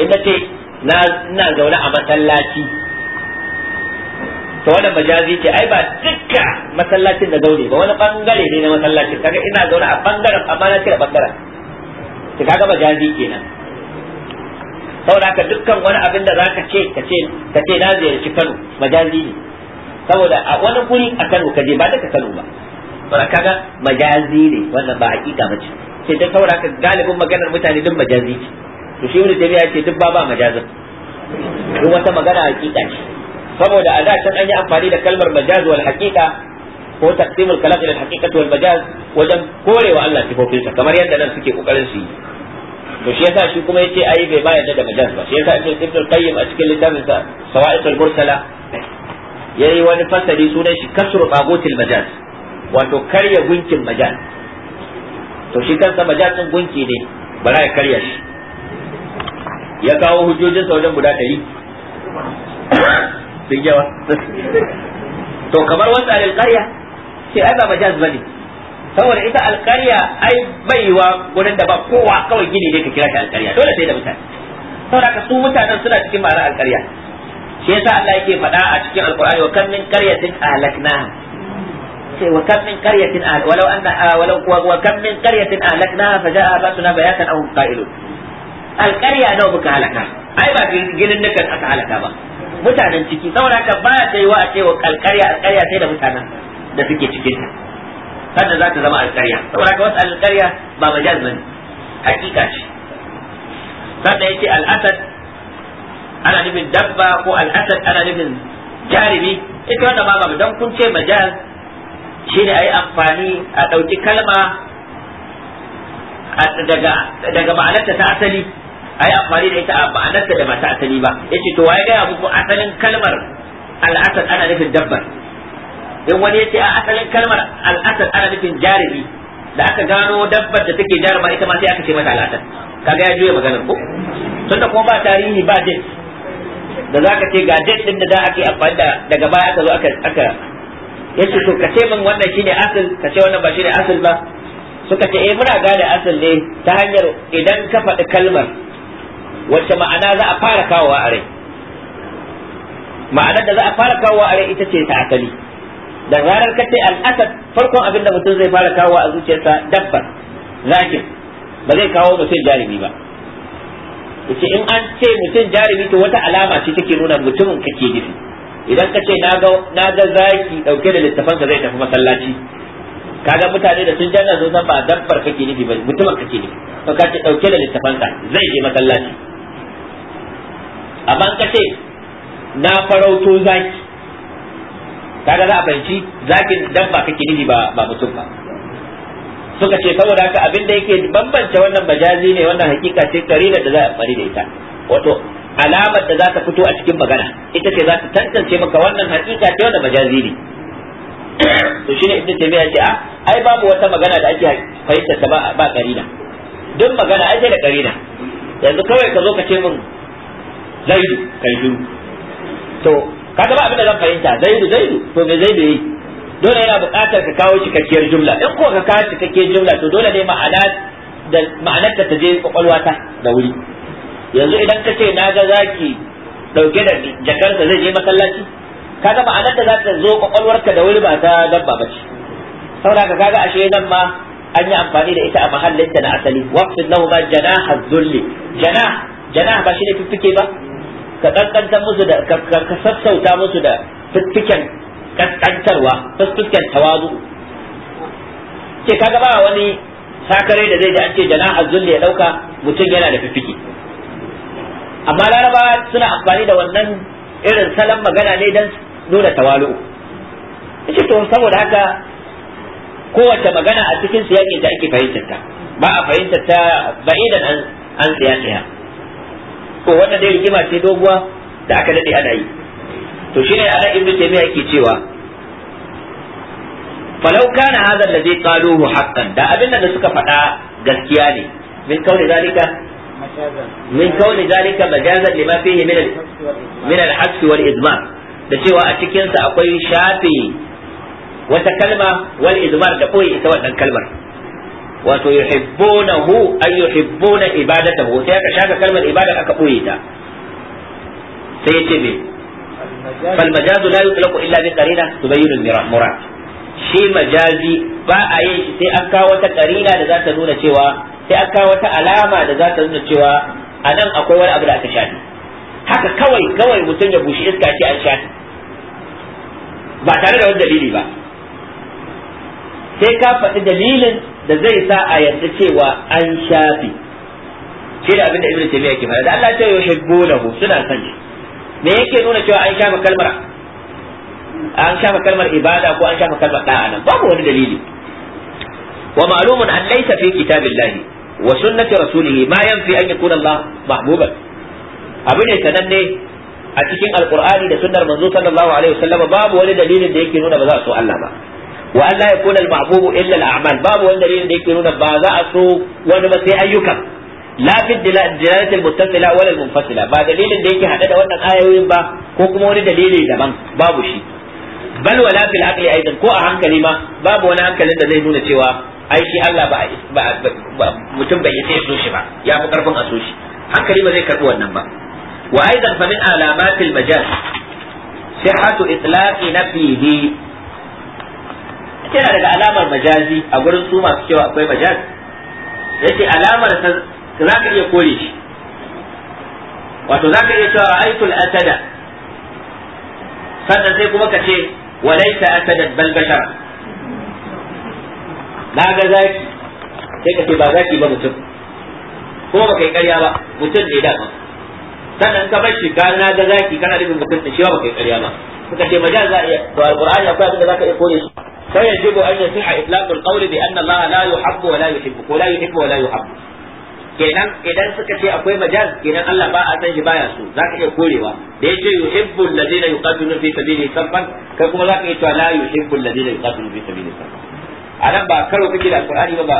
in ce na ina zaune a masallaci to wannan majazi ce ai ba dukka masallacin da zaune ba wani bangare ne na masallacin kaga ina zaune a bangaren amma na cire bangaren ki kaga majazi kenan saboda haka dukkan wani abin da zaka ce ka ce ka ce na ziyarci Kano majazi ne saboda a wani guri a Kano ka je ba da ka Kano ba saboda kaga majazi ne wannan ba hakika bace ce ta saura ka galibin maganar mutane duk majazi ce, to shi wani taymiya ce duk ba majazin duk wata magana hakika ce saboda a da can an yi amfani da kalmar majaz wal hakika ko taqsimul kalam ila al hakika wal majaz wajen korewa Allah sa kamar yadda nan suke kokarin su yi to shi yasa shi kuma yace ai bai bayar da majaz ba shi yasa Ibn Ibn Qayyim a cikin littafin sa Sawa'iqul Mursala yayi wani fasali sunan shi kasru tagutil majaz wato karya gunkin majaz to shi kansa majatsin gunki ne bara ya karya shi ya kawo hujjojin wajen guda ɗari sun yawa to kamar wasu alƙarya sai ai ba majaz bane saboda ita alƙarya ai baiwa wurin da ba kowa kawai gini ne ka kira ta alƙarya dole sai da mutane saboda ka su mutanen suna cikin ma'anar alƙarya shi yasa Allah yake faɗa a cikin alƙur'ani wa kam min qaryatin ahlaknaha sai wa kam min qaryatin ahl walau anna ah, walau wa kam min qaryatin ahlakna fa jaa basuna bayatan aw qa'ilun qarya nawa buka halaka ai ba ginin kan aka halaka ba mutanen ciki saboda haka ba ta yi wa a qarya al qarya sai da mutanen da suke cikin ta sannan za ta zama qarya saboda ka wasu qarya ba majaz bane hakika ce sannan yace asad ana nufin dabba ko asad ana nufin jarumi ita wanda ba ba dan kun ce majaz shine ayi amfani a ɗauki kalma daga ma'anarta ta asali ayi amfani da ita a ma'anarta da mata ta asali ba yace to waye gaya muku asalin kalmar al'asar ana nufin dabbar in wani yace a asalin kalmar al'asar ana nufin jarumi da aka gano dabbar da take jaruma ita ma sai aka ce mata al'asad kaga ya juya maganar ko tunda kuma ba tarihi ba date da zaka ce ga date din da za a ke amfani da daga baya aka zo aka yace to ka ce min wannan shine asal ka ce wannan ba shine asal ba suka ce eh muna gane asal ne ta hanyar idan ka faɗi kalmar wacce ma'ana za a fara kawowa a rai ma'anar da za a fara kawowa a rai ita ce ta asali da zarar ka ce al'asad farkon abin da mutum zai fara kawowa a zuciyarsa dabbar zakin ba zai kawo mutum jarumi ba yace in an ce mutum jarumi to wata alama ce take nuna mutumin kake nufi idan ka ce na ga zaki dauke da littafan ka zai tafi masallaci kaga mutane da sun janna zo ba dabbar kake nufi ba mutumin kake nufi to ka ce dauke da littafan ka zai je masallaci amma ka ce na farauto zaki kaga za a fahimci zakin dabba kake nufi ba ba mutum ba suka ce saboda haka abin da yake bambance wannan majazi ne wannan hakika ce karina da za a fari da ita wato alamar da za ta fito a cikin magana ita ce za ta tantance maka wannan hakika ce wanda majazi ne to shine ibnu taymiya ce a ah, ai babu wata magana da ake fahimtar ta ba ba karina duk magana ai sai da karina yanzu kawai ka zo ka ce min zaidu kai to ka ga ba abin da zan fahimta zaidu zaidu to me zaidu yi dole yana buƙatar ka kawo cikakkiyar jumla in ko ka kawo cikakkiyar jumla to dole ne ma'ana da ma'anar ta je kwakwalwa ta da wuri yanzu idan ka ce na ga zaki dauke da jakarsa zai je masallaci kaga anan da za ta zo kwakwalwarka da wuri ba ta dabba ba ce saboda kaga ashe nan ma an yi amfani da ita a mahallin ta na asali waqfid lahu ma janaha dhulli janah janah ba ne fiffike ba ka kankanta musu da ka sassauta musu da fiffiken kankantarwa fiffiken tawazu ke kaga ba wani sakare da zai ji an ce janaha dhulli ya dauka mutum yana da fiffike amma Laraba suna amfani da wannan irin salon magana ne don nuna tawalu yace to saboda haka kowace magana a cikin siyakin ta ake fahimtar ta ba a fahimtar ta idan an an tsaya Ko wannan dai rigima ce doguwa da aka dade ana yi to shine ana ibnu taymiya yake cewa falau kana hadha alladhi qaluhu haqqan da abin da suka faɗa gaskiya ne min kauli zalika min kauni zalika majazan lima fihi min al min al izmar da cewa a cikinsa akwai shafe. wata kalma wal izmar da koyi ita wannan kalmar wato yuhibbunahu ay yuhibbuna ibadatahu sai aka shaka kalmar ibada aka koyi ta sai yace me fal majazu la yutlaqu illa bi qarina tubayyinu al murad shi majazi ba a yin shi sai an kawo wata qarina da za ta nuna cewa sai aka wata alama da za ta nuna cewa a nan akwai wani abu da aka shafi haka kawai kawai mutum ya bushe iska ce an shafi ba tare da wani dalili ba sai ka faɗi dalilin da zai sa a yarda cewa an shafi shi da abin da ibn taymiya ke faɗa da Allah ya yuhibbunahu suna son shi me yake nuna cewa an shafa kalmar an shafa kalmar ibada ko an shafa kalmar da'a nan babu wani dalili wa ma'lumun an laysa fi kitabillahi wa sunnati rasulihi ma yanfi an yakuna Allah mahbuban abu ne sananne a cikin alqur'ani da sunnar manzo sallallahu alaihi wasallam babu wani dalilin da yake nuna ba za a so Allah ba wa Allah la yakuna al-mahbub illa al-a'mal babu wani dalilin da yake nuna ba za a so wani ba sai ayyuka la fi dilalati al-muttasila wala al-munfasila ba dalilin da yake hada da wannan ayoyin ba ko kuma wani dalili daban babu shi bal wala fil aqli aidan ko a hankali ma babu wani hankalin da zai nuna cewa ai shi Allah ba mutum bai yi so shi ba ya fi karfin a so shi hankali ba zai karbi wannan ba wa aidan fa min alamatil majaz sihhatu itlaqi nafihi yana daga alamar majazi a gurin su masu cewa akwai majaz yace alamar za ka iya kore shi wato za ka iya cewa aitul asada sannan sai kuma ka ce walaysa asadan bal bashara na ga zaki sai ka ce ba zaki ba mutum kuma ba kai ƙarya ba mutum ne dama sannan ka bar shi ka na ga zaki kana nufin mutum ne shi ba kai ƙarya ba suka ce ma za iya to alqur'ani akwai abin da zaka iya kore shi fa yajibu an yasiha itlaq alqawl bi anna allah la yuhibbu wa la yuhibbu ko la yuhibbu wa la yuhibbu kenan idan suka ce akwai majaz kenan Allah ba a san shi baya so zaka iya korewa da yace yuhibbu alladhina yuqatiluna fi sabilihi saffan kai kuma zaka iya cewa la yuhibbu alladhina yuqatiluna fi sabilihi saffan a nan ba karo kake da alkur'ani ba ba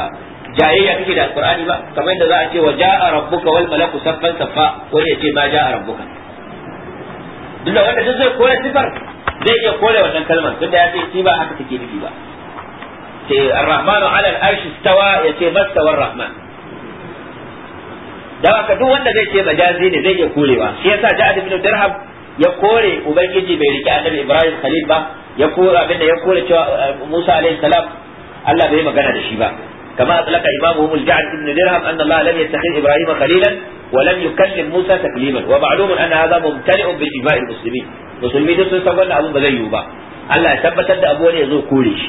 jayayya kake da alkur'ani ba kamar yadda za a ce wa ja'a rabbuka wal malaku saffan saffa wani ya ce ma ja'a rabbuka duk da wanda duk zai kore sifar zai iya kore wannan kalmar da ya ce shi ba haka take nufi ba ce ar-rahman ala al-arsh istawa ya ce mastawa ar-rahman da haka duk wanda zai ce majazi ne zai iya korewa shi yasa ja'ad ibn dirham ya kore ubangiji bai rike annabi ibrahim khalil ba ya kore abinda ya kore cewa musa alaihi salam Allah bai magana da shi ba كما أطلق إمامهم الجعد بن درهم أن الله لم يتخذ إبراهيم خليلا ولم يكلم موسى تكليما ومعلوم أن هذا ممتلئ بإجماع المسلمين مسلمين sun san wannan abun ba zai yiwu ba Allah ya tabbatar da abu wani ya zo kore shi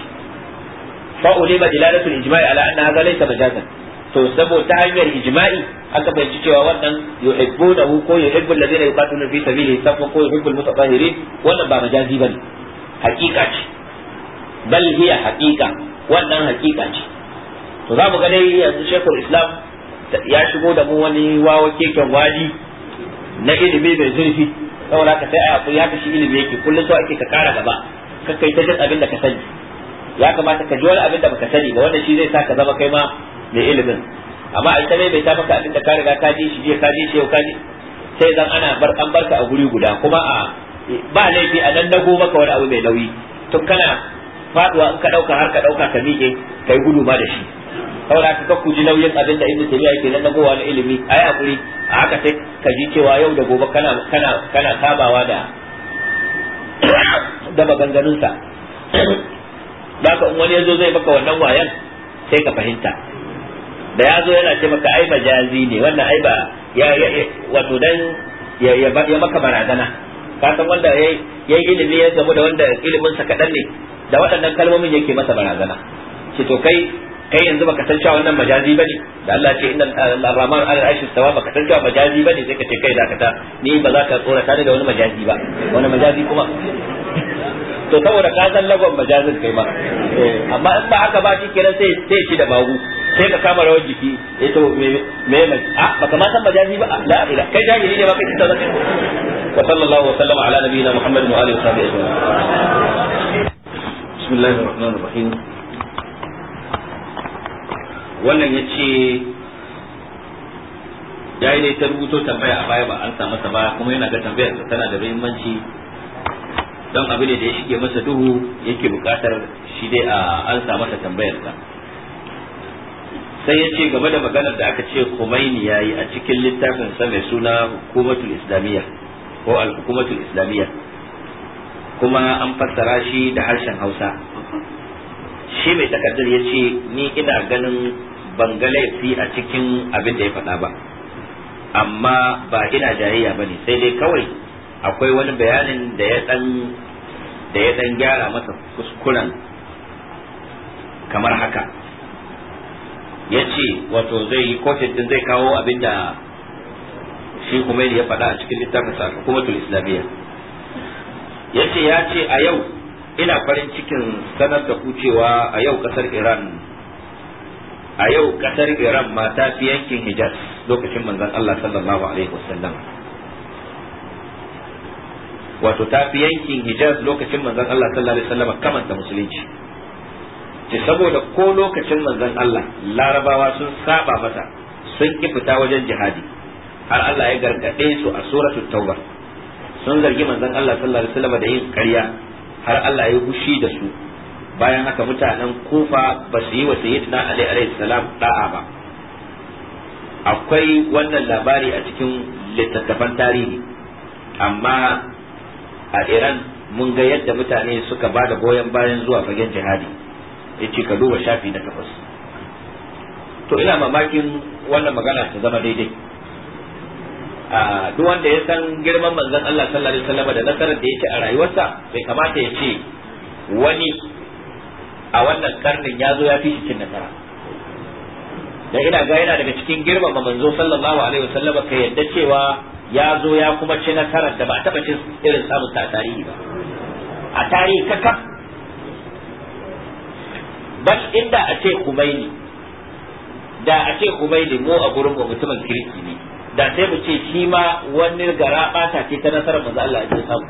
fa ulima dilalatul ijma'i ala anna hadha laysa majazan to saboda ta hanyar ijma'i aka fahimci cewa wannan yuhibbunahu ko yuhibbu alladhina yuqatiluna fi sabilihi sabba ko yuhibbu almutatahhirin wannan ba majazi ce bal hiya wannan hakika ce to za mu ga dai yanzu shekul islam ya shigo da mu wani wawa keken wadi na ilimi mai zurfi saboda ka sai a ya kashi ilimi yake kullum so ake ka kara gaba ka kai ta jin abin da ka sani ya kamata ka ji wani abin da baka sani ba wanda shi zai sa ka zama kai ma mai ilimin amma a ita mai bai ta maka abin da ka riga ka ji shi jiya ka ji shi ka ji sai zan ana bar an barka a guri guda kuma a ba laifi a nan dago maka wani abu mai nauyi tun kana faduwa in ka dauka har ka dauka ka miƙe kai gudu ma da shi saboda ka ku ji nauyin abin da ibnu tayyib yake nan dagowa na ilimi ai hakuri a haka sai ka ji cewa yau da gobe kana kana kana sabawa da da maganganun sa da in wani yazo zai baka wannan wayan sai ka fahimta da yazo yana ce maka ai majazi ne wannan ai ba ya wato dan ya maka barazana ka san wanda yayi ilimi ya gamu da wanda ilimin sa kadan ne da waɗannan kalmomin yake masa barazana ce to kai kai yanzu baka san cewa wannan majazi bane da Allah ce inna al rahman al aish istawa baka san cewa majazi bane sai ka ce kai zaka ta ni ba za ka tsorata daga wani majazi ba wani majazi kuma to saboda ka san lagon majazin kai ma eh, amma in ba haka ba shi kenan sai sai shi da bagu sai ka kama rawar jiki eh to me me a baka ma san majazi ba la ila kai jahili ne ba kai tsara wa sallallahu wa sallama ala nabiyina muhammadin wa alihi wa sahbihi ajma'in بسم الله الرحمن الرحيم wannan ya ce dai ta rubuto tambaya a baya ba an samu masa ba kuma yana ga tambayar ta tana da muhimmanci don abu ne da ya shige masa duhu yake bukatar shi dai a an samu masa tambayar ta sai ya ce game da maganar da aka ce Khomeini yayi a cikin littafin sa mai suna hukumatul islamiyya ko al-hukumatul islamiyya kuma an fassara shi da harshen hausa shi mai takardar ya ce ni ina ganin banga laifi a cikin abin da ya faɗa ba amma ba ina jayayya ba ne sai dai kawai akwai wani bayanin da ya ɗan gyara masa kuskuren kamar haka ya ce wato zai yi din zai kawo abin da shi kuma ya faɗa a cikin littafin kuma tul islamiyya yace ya ce a yau ina farin cikin sanar da ku cewa a yau kasar Iran a yau kasar Iran ma ta fi yankin Hijaz lokacin manzon Allah sallallahu alaihi wasallam wato ta fi yankin Hijaz lokacin manzon Allah sallallahu alaihi wasallam da musulunci ce saboda ko lokacin manzon Allah larabawa sun saba mata sun ki fita wajen jihadi har Allah ya gargade su a suratul tauba sun zargi manzon Allah sallallahu alaihi wasallam da yin ƙarya har Allah ya gushi da su bayan haka mutanen kufa ba su yi wa sayyidina ali alaihi salam da'a ba akwai wannan labari a cikin littattafan tarihi amma a iran mun ga yadda mutane suka ba da goyon bayan zuwa fagen jihadi ya ka duba shafi na takwas to ina mamakin wannan magana ta zama daidai duk wanda ya san girman manzon Allah sallallahu alaihi wasallam da nasarar da ya ci a rayuwarsa bai kamata ya ce wani a wannan karnin ya zo ya fi shi cin nasara da ina ga yana daga cikin girmama manzo sallallahu alaihi wasallam ka yadda cewa ya zo ya kuma ci nasarar da ba a taba cin irin samun ta tarihi ba a tarihi kaka bal inda a ce kubaini da a ce kubaini mu a gurin mutumin kirki ne da sai mu ce shi ma wani gara bata ce ta nasarar manzo Allah ya samu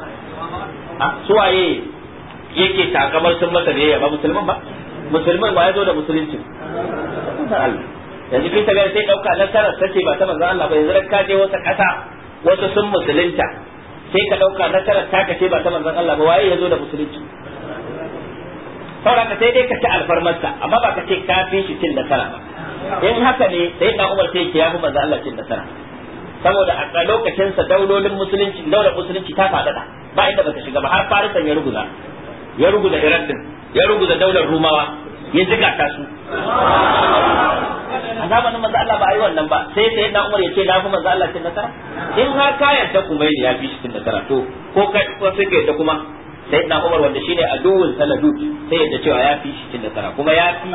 a suwaye yake takamar sun masa ya ba musulman ba musulman ba ya zo da musulunci yanzu kinta gani sai dauka nasarar ta ce ba ta manzo Allah ba yanzu ka je wata kasa wasu sun musulunta sai ka dauka nasarar ta kace ce ba ta manzo Allah ba waye ya zo da musulunci saboda sai dai ka ci alfarmarsa amma ba ka ce ka fi shi cin nasara ba in haka ne sai da Umar sai ya fi manzo Allah cin nasara saboda a lokacin sa daulolin musulunci daular musulunci ta faɗaɗa, ba inda bata shiga ba har farisan ya ruguza ya ruguza iran din ya ruguza daular rumawa ya jiga ta su a zamanin manzo Allah ba a yi wannan ba sai sai dan Umar ya ce na fi manzo Allah cin nasara in har ka yarda kuma ya fi shi cin nasara to ko kai ko sai ka yarda kuma sai na Umar wanda shine aduwul saladud sai yadda cewa ya fi shi cin nasara kuma ya fi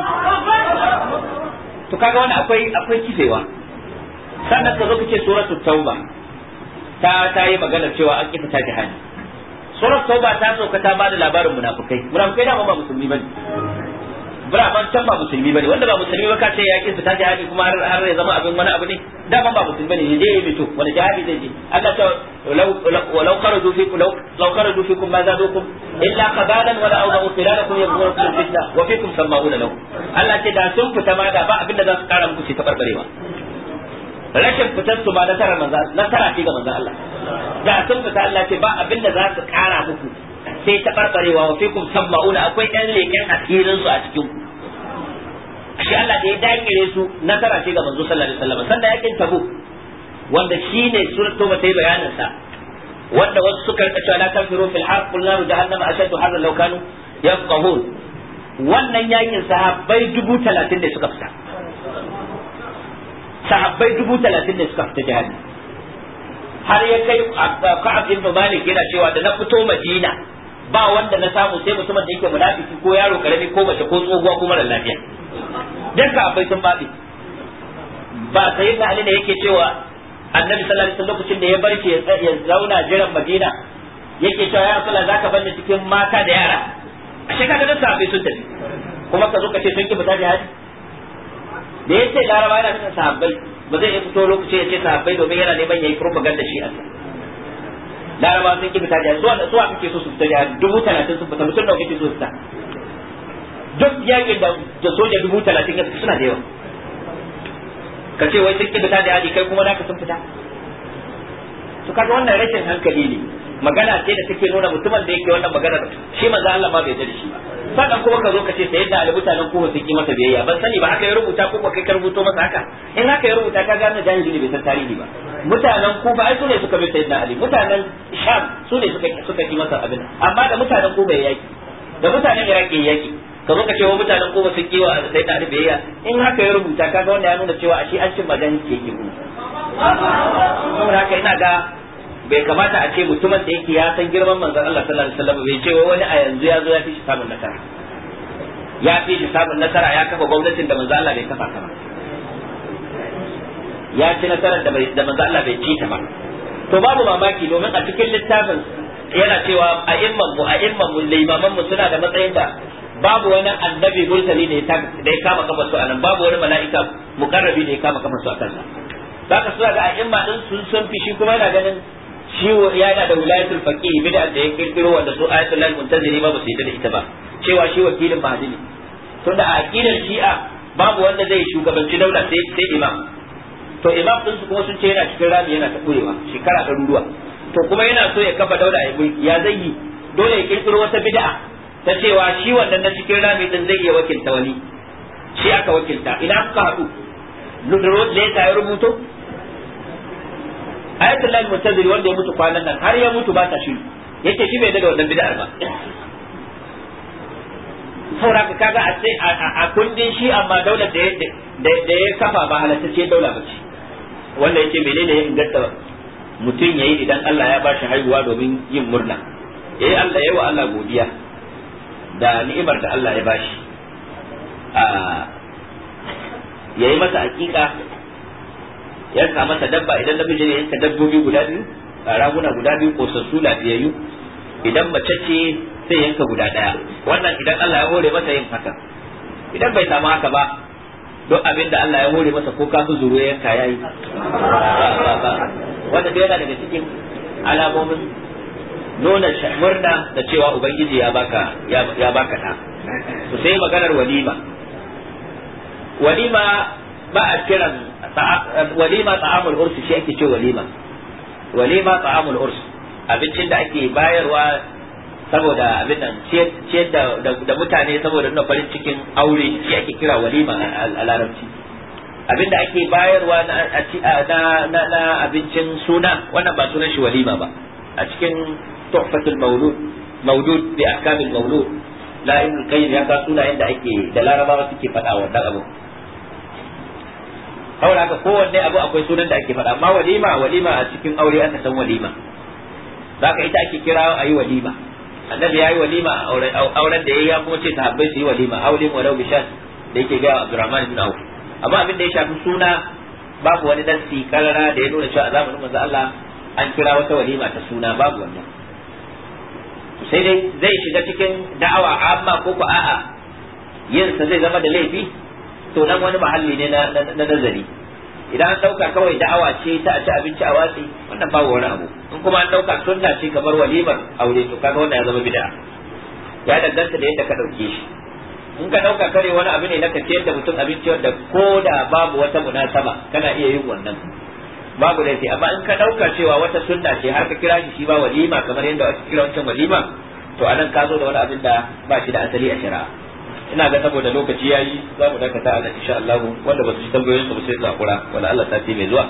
to kaga wani akwai akwai kifewa sannan ka zo kace ce suratul tauba ta ta yi magana cewa an kifa ta hani suratul tauba ta sauka ta ba da labarin munafikai munafikai da ba musulmi bane ban can ba musulmi bane wanda ba musulmi ba ka ce ya kifa ta hani kuma har har ya zama abin wani abu ne da ba musulmi bane ne dai mutu wani jihadi zai je Allah ta law law kharaju fikum law law kharaju fikum ma zadukum illa qabalan wala awda'u khilalakum yabghurukum fitna wa fikum sama'una law Allah ce da sun fita ma da ba abin da za su kara muku ce ta barbarewa rashin fitar su ma nasara manzo nasara ce ga manzo Allah da sun fita Allah ce ba abin da za su kara muku sai ta barbarewa wa fikum samma'una akwai ɗan leken asirin su a cikin ku shi Allah da ya dakire su nasara ce ga manzo sallallahu alaihi wasallam sanda yakin tabu wanda shine surat toba ta yi bayanin sa wanda wasu suka rika cewa la tafiru fil harb kullu naru jahannam ashaddu harran law kanu yafqahun wannan yakin sahabbai dubu talatin ne suka fita sahabbai dubu talatin ne suka fita jihadi har ya kai ka'ab ibn malik yana cewa da na fito madina ba wanda na samu sai mutumin da yake munafiki ko yaro karami ko mace ko tsohuwa ko mara lafiya dan sahabbai sun babe ba sai da ali ne yake cewa annabi sallallahu alaihi wasallam lokacin da ya barke ya zauna jiran madina yake cewa ya rasulullah zaka banda cikin mata da yara a shekarar da sahabbai sun tafi kuma ka zo ka ce sun ki fita jihadi da yace laraba yana cikin sahabbai ba zai iya fito lokaci ya ce sahabbai domin yana neman yayi propaganda shi a Allah laraba sun ki fita jihar suwa suwa kake so su fita jihar dubu talatin sun fita mutum da kake so su fita duk yakin da soja dubu talatin ya suna da yawa ka ce wai sun ki fita jihar kai kuma naka sun fita to kaga wannan rashin hankali ne magana ce da take nuna mutumin da yake wannan maganar shi manzo Allah ma bai da shi ba sannan kuma ka zo ka ce sayar da ali mutanen kuhu sun ki masa biyayya ban sani ba haka ya rubuta ko kai ka rubuto masa haka in haka ya rubuta ka gane jahili ne bai san tarihi ba mutanen kufa ai su ne suka bi sayar ali mutanen sham su ne suka suka ki masa abin amma da mutanen kufa ya yaki da mutanen iraki ya yaki ka zo ka ce wa mutanen kufa sun ki wa sayar da ali biyayya in haka ya rubuta ka ga wanda ya nuna cewa ashe an cin magani ke ki mu saboda haka ina ga bai kamata a ce mutumin da yake ya san girman manzon Allah sallallahu alaihi wasallam bai ce wani a yanzu ya zo ya fi shi samun nasara ya fi shi samun nasara ya kafa gwamnatin da manzon Allah bai kafa ta ba ya ci nasarar da manzon Allah bai ci ta ba to babu mamaki domin a cikin littafin yana cewa a imman mu a imman mu limaman mu suna da matsayin da babu wani annabi mursali da ya kama kafa su anan babu wani mala'ika mukarrabi da ya kama kafa su a kansa zaka suna ga imma din sun sun fi shi kuma yana ganin shi ya da da wilayatul faqih bid'a da ya kirkiro wanda su ayatul lahi muntazili ba su yadda da ita ba cewa shi wakilin mahdi to da aqidar shi'a babu wanda zai shugabanci daula sai sai imam to imam din su kuma sun ce yana cikin rami yana ta koyewa shekara ruwa to kuma yana so ya kafa daula ya mulki ya zayi yi dole ya kirkiro wata bid'a ta cewa shi wannan na cikin rami din zai iya wakilta wani shi aka wakilta ina aka haɗu lesa ya rubuto ayatullahi muntaziri wanda ya mutu kwanan nan har ya mutu ba ta shi yake shi bai da wannan bid'ar ba ka kaga a sai a kundin shi amma daular da da ya kafa ba ce daula ba ce wanda yace menene yin gadda mutum yayi idan Allah ya bashi haihuwa domin yin murna Eh Allah yayi wa Allah godiya da ni'imar da Allah ya bashi a yayi masa hakika yanka masa dabba idan namiji ne yanka dabbobi guda biyu raguna guda biyu kosassu lafiyayyu idan mace ce sai yanka guda daya wannan idan Allah ya hore masa yin haka idan bai samu haka ba duk abin da Allah ya hore masa ko kafin zuru yanka yayi wanda bai yana daga cikin alamomin nuna murna da cewa ubangiji ya baka ya baka da to sai maganar walima walima ba a kiran walima ta'amul urs shi ake ce walima walima ta'amul urs abincin da ake bayarwa saboda abin nan ce da mutane saboda nuna farin cikin aure shi ake kira walima a larabci abin da ake bayarwa na abincin suna wannan ba sunan shi walima ba a cikin tuhfatul maulud maudud bi ahkamil maulud la ibn qayyim ya ka sunayen da ake da larabawa suke faɗa wannan abu saboda haka kowanne abu akwai sunan da ake faɗa amma walima walima a cikin aure aka san walima za ka ita ake kira a yi walima annabi ya yi walima a auren da ya yi ya kuma ce ta sahabbai su yi walima aulin walau bishan da yake a Abdurrahman ibn Auf amma abin da ya shafi suna babu wani nassi karara da ya nuna cewa a zamanin manzo Allah an kira wata walima ta suna babu wannan sai dai zai shiga cikin da'awa amma ko ko a'a yin sa zai zama da laifi to nan wani mahalli ne na nazari idan an dauka kawai da'awa ce ta a ci abinci a watsi wannan babu wani abu in kuma an dauka sunna ce kamar walimar aure to kaga wannan ya zama bid'a ya danganta da yadda ka dauke shi in ka dauka kare wani abu ne na ka ciyar da mutum abinci wanda ko da babu wata munasaba kana iya yin wannan babu da laifi amma in ka dauka cewa wata sunna ce har ka kira shi shi ba walima kamar yadda ake kira wancan walima to anan ka zo da wani abin da ba shi da asali a shari'a ina ga saboda lokaci yayi za mu dakata a nan insha Allah wanda ba tambayoyin su sai zakura wala Allah ta mai zuwa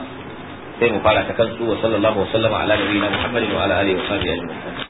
sai mu fara ta kansu wa sallallahu wa sallama ala nabiyina Muhammadin wa ala alihi wa sahbihi ajma'in